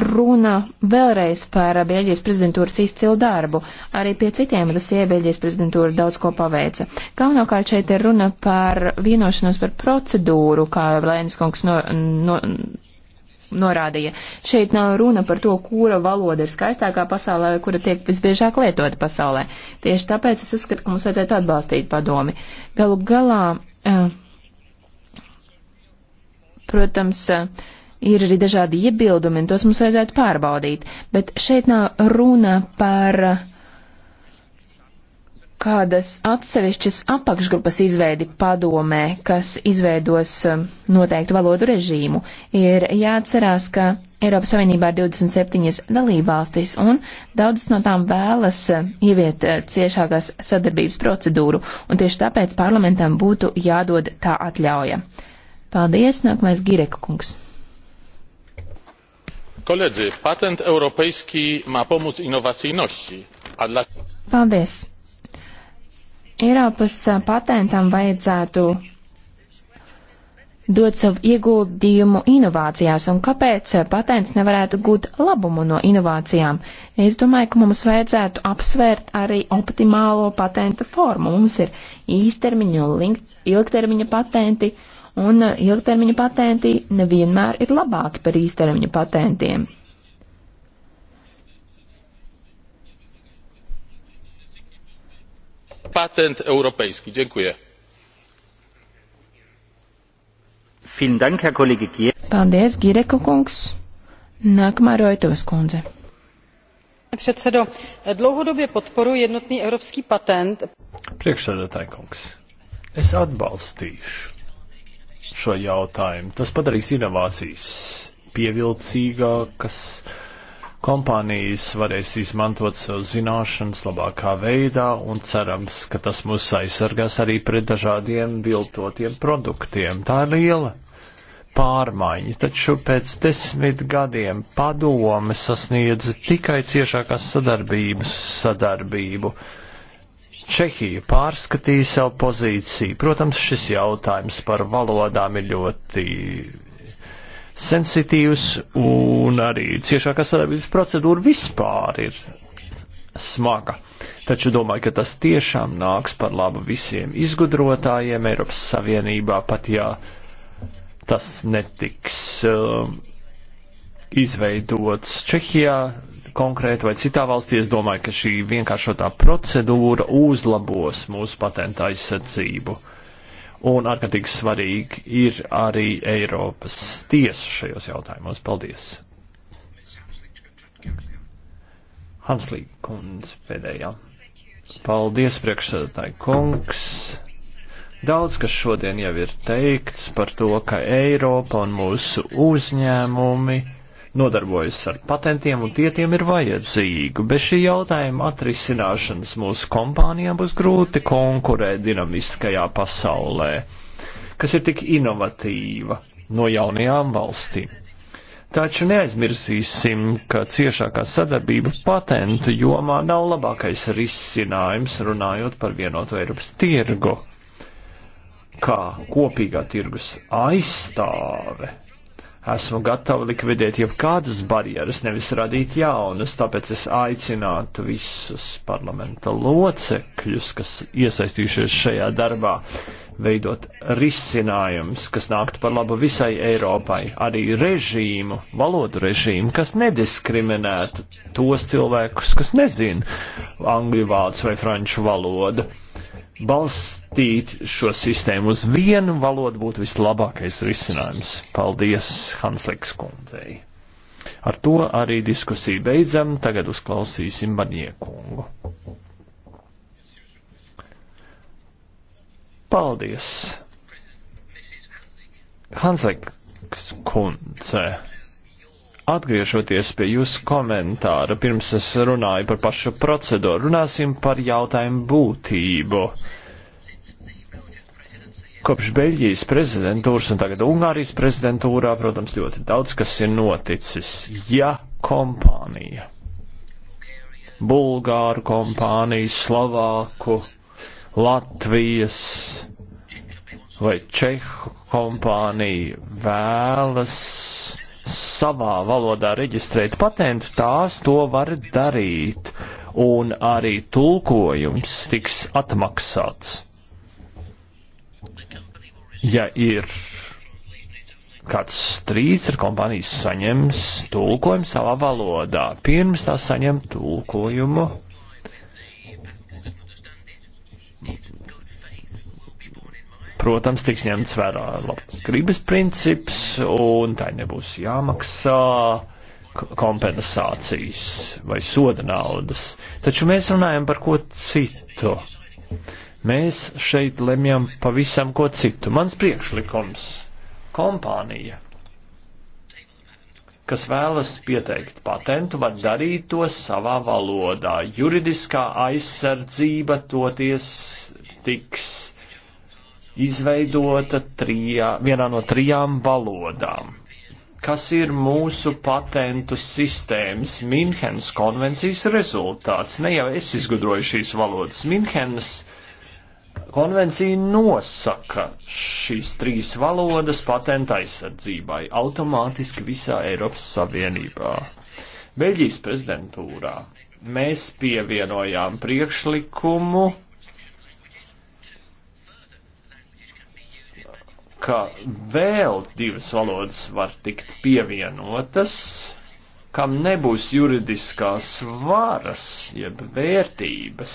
runa vēlreiz par Bieļģijas prezidentūras izcilu darbu. Arī pie citiem dosiem Bieļģijas prezidentūra daudz ko paveica. Galvenokārt šeit ir runa par vienošanos par procedūru, kā Lēnis kungs no, no, norādīja. Šeit nav runa par to, kura valoda ir skaistākā pasaulē vai kura tiek visbiežāk lietota pasaulē. Tieši tāpēc es uzskatu, ka mums vajadzētu atbalstīt padomi. Galu galā, eh, protams, eh, ir arī dažādi iebildumi, un tos mums vajadzētu pārbaudīt. Bet šeit nav runa par kādas atsevišķas apakšgrupas izveidi padomē, kas izveidos um, noteiktu valodu režīmu. Ir jāatcerās, ka Eiropas Savienībā ir 27 dalībvalstis, un daudzas no tām vēlas um, ieviest uh, ciešākās sadarbības procedūru, un tieši tāpēc parlamentam būtu jādod tā atļauja. Paldies, nākamais Gireka kungs patent europejski ma pomóc innowacyjności a dla. Paldies! Eiropas patentam vajadzētu dot savu ieguldījumu inovācijās, un kāpēc patents nevarētu gūt labumu no inovācijām? Es domāju, ka mums vajadzētu apsvērt arī optimālo patenta formu. Mums ir īstermiņa un ilgtermiņa patenti, uh, un uh, ilgtermiņa patenti nevienmēr ir labāki par īstermiņa patentiem. Patent europejski. Dziękuję. Paldies, Gireku kungs. Nākamā Roitovas kundze. Předsedo, dlouhodobě podporu jednotný evropský patent. Priekšsēdētāji kungs, es atbalstīšu šo jautājumu. Tas padarīs inovācijas pievilcīgākas, kompānijas varēs izmantot savu zināšanas labākā veidā un cerams, ka tas mūs aizsargās arī pret dažādiem viltotiem produktiem. Tā ir liela pārmaiņa, taču pēc desmit gadiem padome sasniedz tikai ciešākās sadarbības sadarbību. sadarbību Čehija pārskatīja savu pozīciju. Protams, šis jautājums par valodām ir ļoti sensitīvs un arī ciešākā sadarbības procedūra vispār ir smaga. Taču domāju, ka tas tiešām nāks par labu visiem izgudrotājiem Eiropas Savienībā, pat ja tas netiks uh, izveidots Čehijā konkrēti vai citā valstī, es domāju, ka šī vienkāršotā procedūra uzlabos mūsu patenta aizsardzību. Un ārkārtīgi svarīgi ir arī Eiropas tiesa šajos jautājumos. Paldies! Hanslī kundze pēdējā. Paldies, priekšsēdētāji kungs! Daudz, kas šodien jau ir teikts par to, ka Eiropa un mūsu uzņēmumi nodarbojas ar patentiem, un tie tiem ir vajadzīgi. Bez šī jautājuma atrisināšanas mūsu kompānijām būs grūti konkurēt dinamiskajā pasaulē, kas ir tik inovatīva no jaunajām valstīm. Taču neaizmirsīsim, ka ciešākā sadarbība patentu jomā nav labākais risinājums runājot par vienoto Eiropas tirgu. Kā kopīgā tirgus aizstāve esmu gatava likvidēt jebkādas barjeras, nevis radīt jaunas, tāpēc es aicinātu visus parlamenta locekļus, kas iesaistījušies šajā darbā, veidot risinājums, kas nāktu par labu visai Eiropai, arī režīmu, valodu režīmu, kas nediskriminētu tos cilvēkus, kas nezin angļu, vācu vai franču valodu balstīt šo sistēmu uz vienu valodu būtu vislabākais risinājums. Paldies Hansleks kundzei. Ar to arī diskusiju beidzam, tagad uzklausīsim Barņiekungu. Paldies! Hansleks kundze. Atgriežoties pie jūsu komentāra, pirms es runāju par pašu procedūru, runāsim par jautājumu būtību. Kopš Beļģijas prezidentūras un tagad Ungārijas prezidentūrā, protams, ļoti daudz kas ir noticis. Ja kompānija, Bulgāru kompānija, Slovāku, Latvijas vai Čehu kompānija vēlas savā valodā reģistrēt patentu, tās to var darīt, un arī tulkojums tiks atmaksāts. Ja ir kāds strīds ar kompānijas saņems tulkojumu savā valodā, pirms tā saņem tulkojumu protams, tiks ņemts vērā labas gribas princips un tai nebūs jāmaksā kompensācijas vai soda naudas. Taču mēs runājam par ko citu. Mēs šeit lemjam pavisam ko citu. Mans priekšlikums - kompānija, kas vēlas pieteikt patentu, var darīt to savā valodā. Juridiskā aizsardzība toties tiks izveidota trijā, vienā no trijām valodām kas ir mūsu patentu sistēmas Minhenes konvencijas rezultāts. Ne jau es izgudroju šīs valodas. Minhenes konvencija nosaka šīs trīs valodas patenta aizsardzībai automātiski visā Eiropas Savienībā. Beļģijas prezidentūrā mēs pievienojām priekšlikumu ka vēl divas valodas var tikt pievienotas, kam nebūs juridiskās varas, jeb vērtības.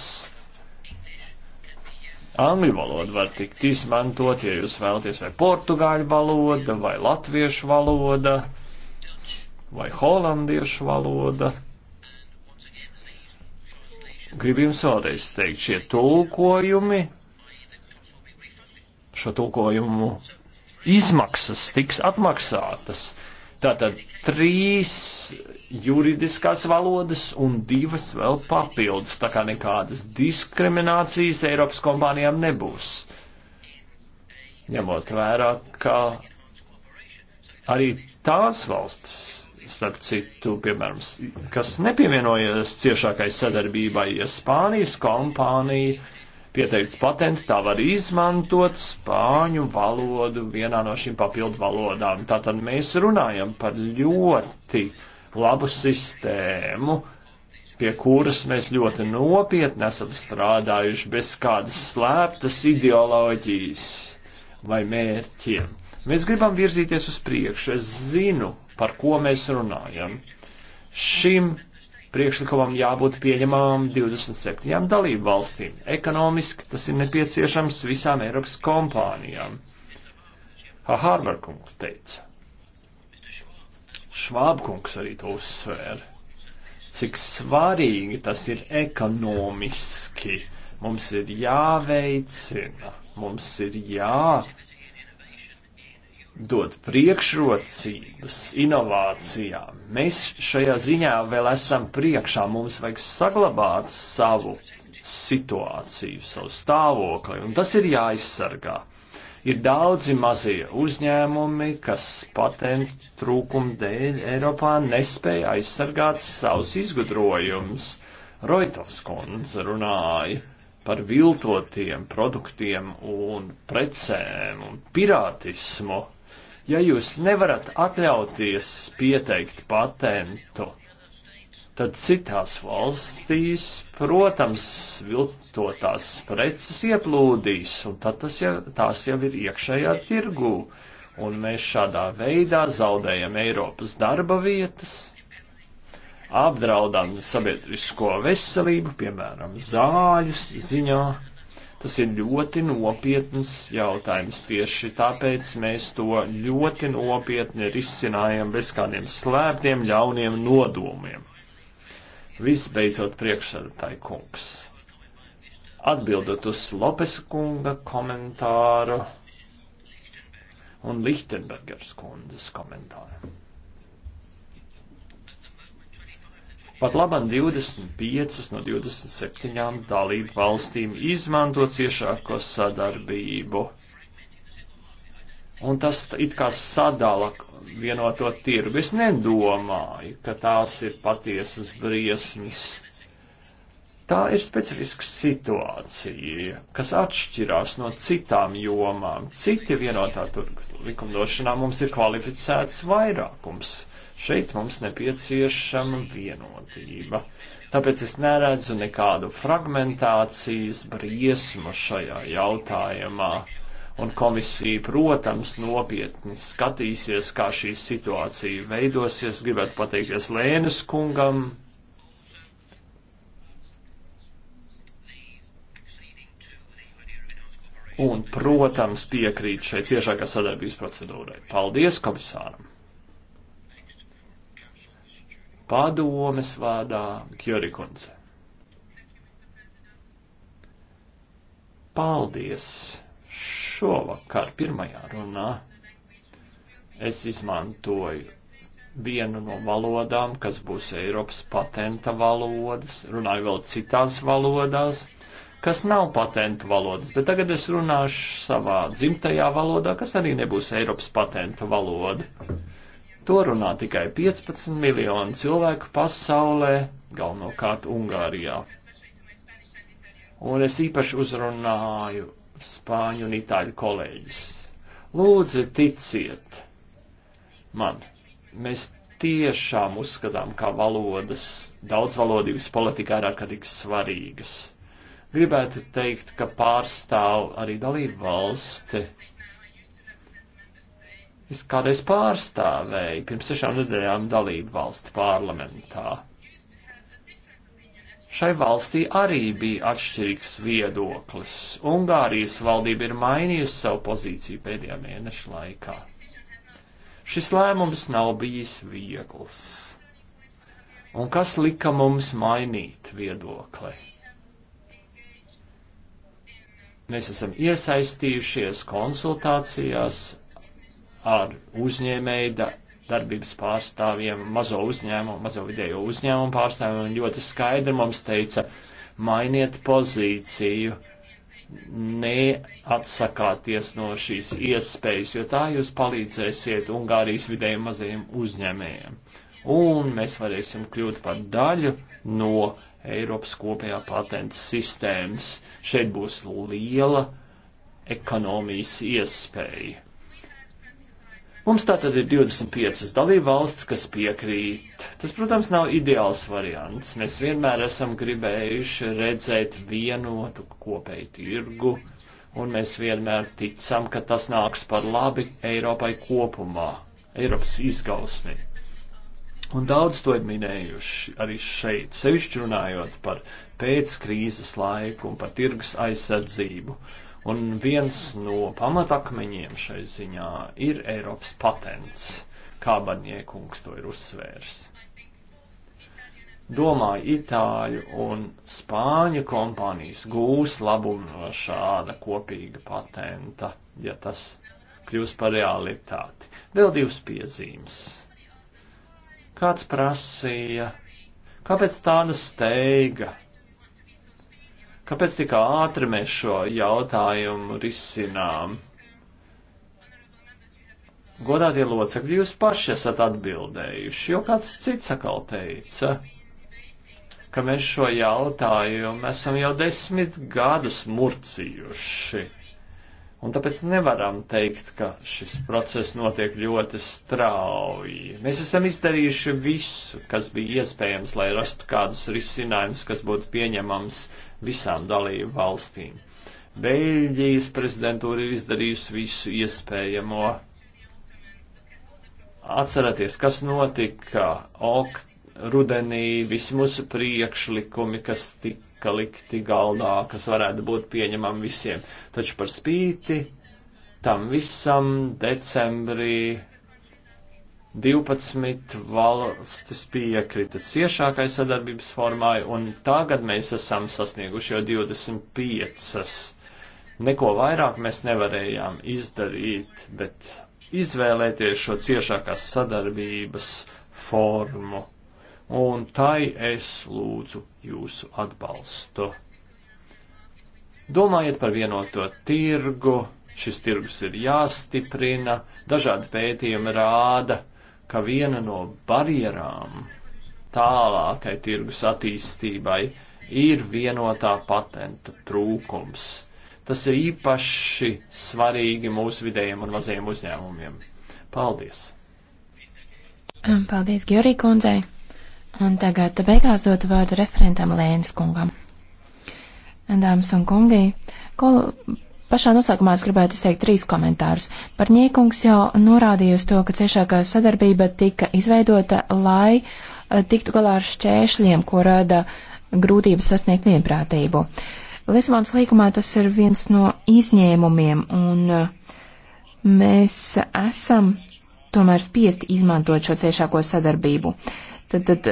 Angļu valoda var tikt izmantot, ja jūs vēlaties, vai portugāļu valoda, vai latviešu valoda, vai holandiešu valoda. Gribu jums vēlreiz teikt, šie tulkojumi, šo tulkojumu izmaksas tiks atmaksātas. Tātad trīs juridiskās valodas un divas vēl papildus, tā kā nekādas diskriminācijas Eiropas kompānijām nebūs. Ņemot vērā, ka arī tās valstis, starp citu, piemēram, kas nepievienojas ciešākai sadarbībai, ja Spānijas kompānija pieteikts patents, tā var izmantot spāņu valodu vienā no šīm papildu valodām. Tātad mēs runājam par ļoti labu sistēmu, pie kuras mēs ļoti nopietni esam strādājuši bez kādas slēptas ideoloģijas vai mērķiem. Mēs gribam virzīties uz priekšu, es zinu, par ko mēs runājam. Šim priekšlikumam jābūt pieņemamam 27 dalību valstīm. Ekonomiski tas ir nepieciešams visām Eiropas kompānijām. Hārbarkungs teica. Švābkungs arī to uzsvēra. Cik svarīgi tas ir ekonomiski. Mums ir jāveicina, mums ir jā dod priekšrocības inovācijām. Mēs šajā ziņā vēl esam priekšā, mums vajag saglabāt savu situāciju, savu stāvokli, un tas ir jāizsargā. Ir daudzi mazie uzņēmumi, kas patentu trūkumu dēļ Eiropā nespēja aizsargāt savus izgudrojumus. Roitovs kundze runāja par viltotiem produktiem un precēm un pirātismu Ja jūs nevarat atļauties pieteikt patentu, tad citās valstīs, protams, viltotās preces ieplūdīs, un tad tas jau, tās jau ir iekšējā tirgū, un mēs šādā veidā zaudējam Eiropas darba vietas apdraudam sabiedrisko veselību, piemēram, zāļus ziņā. Tas ir ļoti nopietns jautājums. Tieši tāpēc mēs to ļoti nopietni risinājam bez kādiem slēptiem ļauniem nodomiem. Visbeidzot, priekšsēdētāji kungs. Atbildot uz Lopes kunga komentāru un Lichtenbergers kundzes komentāru. Pat labam 25 no 27 dalību valstīm izmanto ciešāko sadarbību. Un tas it kā sadala vienoto tirgu. Es nedomāju, ka tās ir patiesas briesmas. Tā ir specifiska situācija, kas atšķirās no citām jomām. Citi vienotā tirgus likumdošanā mums ir kvalificēts vairākums. Šeit mums nepieciešama vienotība. Tāpēc es neredzu nekādu fragmentācijas briesmu šajā jautājumā. Un komisija, protams, nopietni skatīsies, kā šī situācija veidosies. Gribētu pateikties Lēnes kungam, un, protams, piekrīt šai ciešākā sadarbības procedūrai. Paldies komisāram! padomes vārdā Kjorikundze. Paldies! Šovakar pirmajā runā es izmantoju vienu no valodām, kas būs Eiropas patenta valodas, runāju vēl citās valodās, kas nav patenta valodas, bet tagad es runāšu savā dzimtajā valodā, kas arī nebūs Eiropas patenta valoda. To runā tikai 15 miljoni cilvēku pasaulē, galvenokārt Ungārijā. Un es īpaši uzrunāju spāņu un itāļu kolēģis. Lūdzu, ticiet man, mēs tiešām uzskatām, ka valodas, daudzvalodības politikā ir ārkārtīgi svarīgas. Gribētu teikt, ka pārstāv arī dalību valsti Es kādreiz pārstāvēju pirms sešām nedēļām dalību valsti parlamentā. Šai valstī arī bija atšķirīgs viedoklis. Ungārijas valdība ir mainījusi savu pozīciju pēdējā mēneša laikā. Šis lēmums nav bijis viegls. Un kas lika mums mainīt viedokli? Mēs esam iesaistījušies konsultācijās ar uzņēmēju da, darbības pārstāvjiem, mazo uzņēmumu, mazo vidējo uzņēmumu pārstāvjiem, un ļoti skaidri mums teica, mainiet pozīciju, neatsakāties no šīs iespējas, jo tā jūs palīdzēsiet Ungārijas vidējiem mazajiem uzņēmējiem. Un mēs varēsim kļūt par daļu no Eiropas kopējā patenta sistēmas. Šeit būs liela ekonomijas iespēja. Mums tātad ir 25 dalība valsts, kas piekrīt. Tas, protams, nav ideāls variants. Mēs vienmēr esam gribējuši redzēt vienotu kopēju tirgu, un mēs vienmēr ticam, ka tas nāks par labi Eiropai kopumā, Eiropas izgausmī. Un daudz to ir minējuši arī šeit, sevišķi runājot par pēckrīzes laiku un par tirgus aizsardzību. Uh, Un viens no pamatakmeņiem šai ziņā ir Eiropas patents, kā Barņiekungs to ir uzsvērs. Domāju, itāļu un spāņu kompānijas gūs labumu no šāda kopīga patenta, ja tas kļūs par realitāti. Vēl divas piezīmes. Kāds prasīja, kāpēc tāda steiga Kāpēc tik ātri mēs šo jautājumu risinām? Godātie locekļi, jūs paši esat atbildējuši, jo kāds cits atkal teica, ka mēs šo jautājumu esam jau desmit gadus murcījuši. Un tāpēc nevaram teikt, ka šis process notiek ļoti strauji. Mēs esam izdarījuši visu, kas bija iespējams, lai rastu kādus risinājumus, kas būtu pieņemams visām dalību valstīm. Beļģijas prezidentūra ir izdarījusi visu iespējamo. Atcerieties, kas notika ok, rudenī, visi mūsu priekšlikumi, kas tika likti galdā, kas varētu būt pieņemami visiem. Taču par spīti tam visam decembrī 12 valstis piekrita ciešākai sadarbības formai, un tagad mēs esam sasnieguši jau 25. Neko vairāk mēs nevarējām izdarīt, bet izvēlēties šo ciešākās sadarbības formu. Un tai es lūdzu jūsu atbalstu. Domājiet par vienoto tirgu, šis tirgus ir jāstiprina, dažādi pētījumi rāda, ka viena no barjerām tālākai tirgus attīstībai ir vienotā patenta trūkums. Tas ir īpaši svarīgi mūsu vidējiem un mazajiem uzņēmumiem. Paldies! Paldies, Georgi kundzei! Un tagad beigās dot vārdu referentam Lēnas kungam. Dāmas un kungi, kol Pašā noslēgumā es gribētu izteikt trīs komentārus. Par ņiekungs jau norādīja uz to, ka ciešākā sadarbība tika izveidota, lai eh, tiktu galā ar šķēršļiem, ko rada grūtības sasniegt vienprātību. Lisabonas līkumā tas ir viens no izņēmumiem, un eh, mēs esam tomēr spiesti izmantot šo ciešāko sadarbību. Tad, tad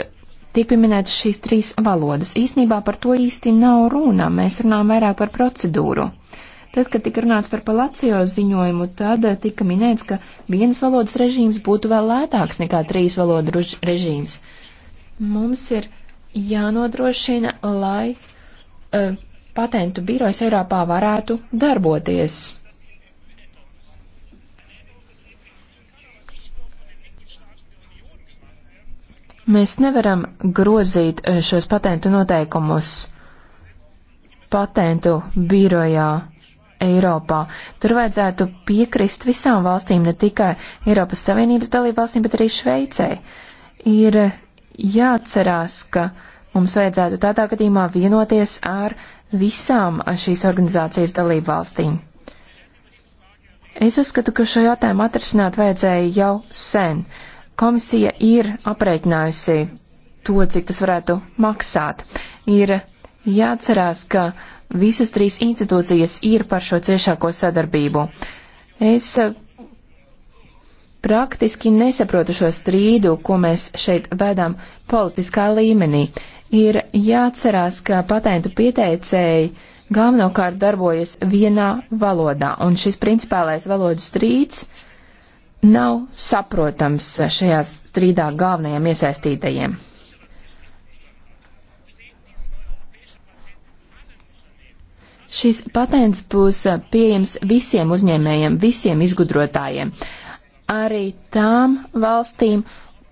tiek pieminētas šīs trīs valodas. Īsnībā par to īsti nav runa, mēs runājam vairāk par procedūru. Uh, Tad, kad tika runāts par Palacio ziņojumu, tad eh, tika minēts, ka vienas valodas režīms būtu vēl lētāks nekā trīs valodu režīms. Mums ir jānodrošina, lai uh, patentu birojas Eiropā varētu darboties. Mēs nevaram grozīt eh, šos patentu noteikumus patentu birojā. Eiropā. Tur vajadzētu piekrist visām valstīm, ne tikai Eiropas Savienības dalībvalstīm, bet arī Šveicē. Ir jāatcerās, ka mums vajadzētu tādā gadījumā vienoties ar visām šīs organizācijas dalībvalstīm. Es uzskatu, ka šo jautājumu atrisināt vajadzēja jau sen. Komisija ir aprēķinājusi to, cik tas varētu maksāt. Ir jāatcerās, ka uh, Visas trīs institūcijas ir par šo ciešāko sadarbību. Es eh, praktiski nesaprotu šo strīdu, ko mēs šeit vedam politiskā līmenī. Ir jāatcerās, ka patentu pieteicēji galvenokārt darbojas vienā valodā, un šis principālais valodu strīds nav saprotams šajā strīdā galvenajiem iesaistītajiem. Šis patents būs uh, pieejams visiem uzņēmējiem, visiem izgudrotājiem, arī tām valstīm,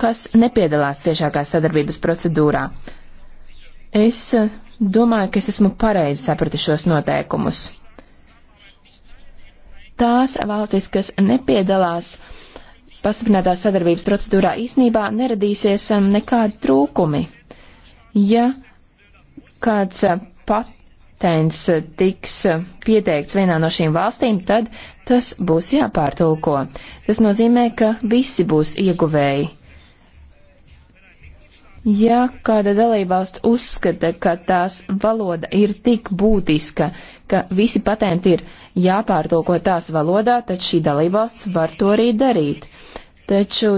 kas nepiedalās ciešākā sadarbības procedūrā. Es uh, domāju, ka es esmu pareizi sapratis šos noteikumus. Tās valstis, kas nepiedalās pastiprinātā sadarbības procedūrā, īsnībā neradīsies um, nekādi trūkumi. Ja kāds uh, pat patents tiks pieteikts vienā no šīm valstīm, tad tas būs jāpārtulko. Tas nozīmē, ka visi būs ieguvēji. Ja kāda dalībvalsts uzskata, ka tās valoda ir tik būtiska, ka visi patenti ir jāpārtulko tās valodā, tad šī dalībvalsts var to arī darīt. Taču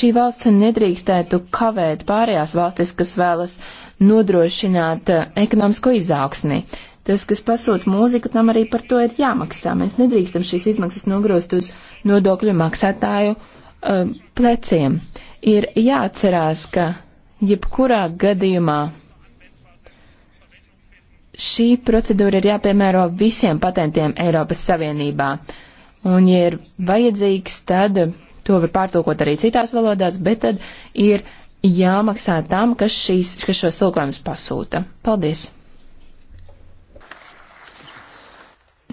šī valsts nedrīkstētu kavēt pārējās valstis, kas vēlas uh, nodrošināt eh, ekonomisko izaugsmi. Tas, kas pasūta mūziku, tam arī par to ir jāmaksā. Mēs nedrīkstam šīs izmaksas nogrost uz nodokļu maksātāju uh, pleciem. Ir jāatcerās, ka jebkurā gadījumā šī procedūra ir jāpiemēro visiem patentiem Eiropas Savienībā. Un, ja ir vajadzīgs, tad to var pārtulkot arī citās valodās, bet tad ir jāmaksā tam, kas, šīs, kas šos tulkojumus pasūta. Paldies!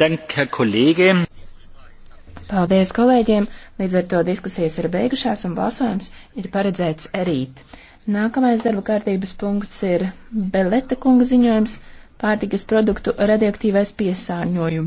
Dank, kolēģi. Paldies kolēģiem! Līdz ar to diskusijas ir beigušās un balsojums ir paredzēts rīt. Nākamais darba kārtības punkts ir Beleta kunga ziņojums - pārtikas produktu radioaktīvais piesārņojums.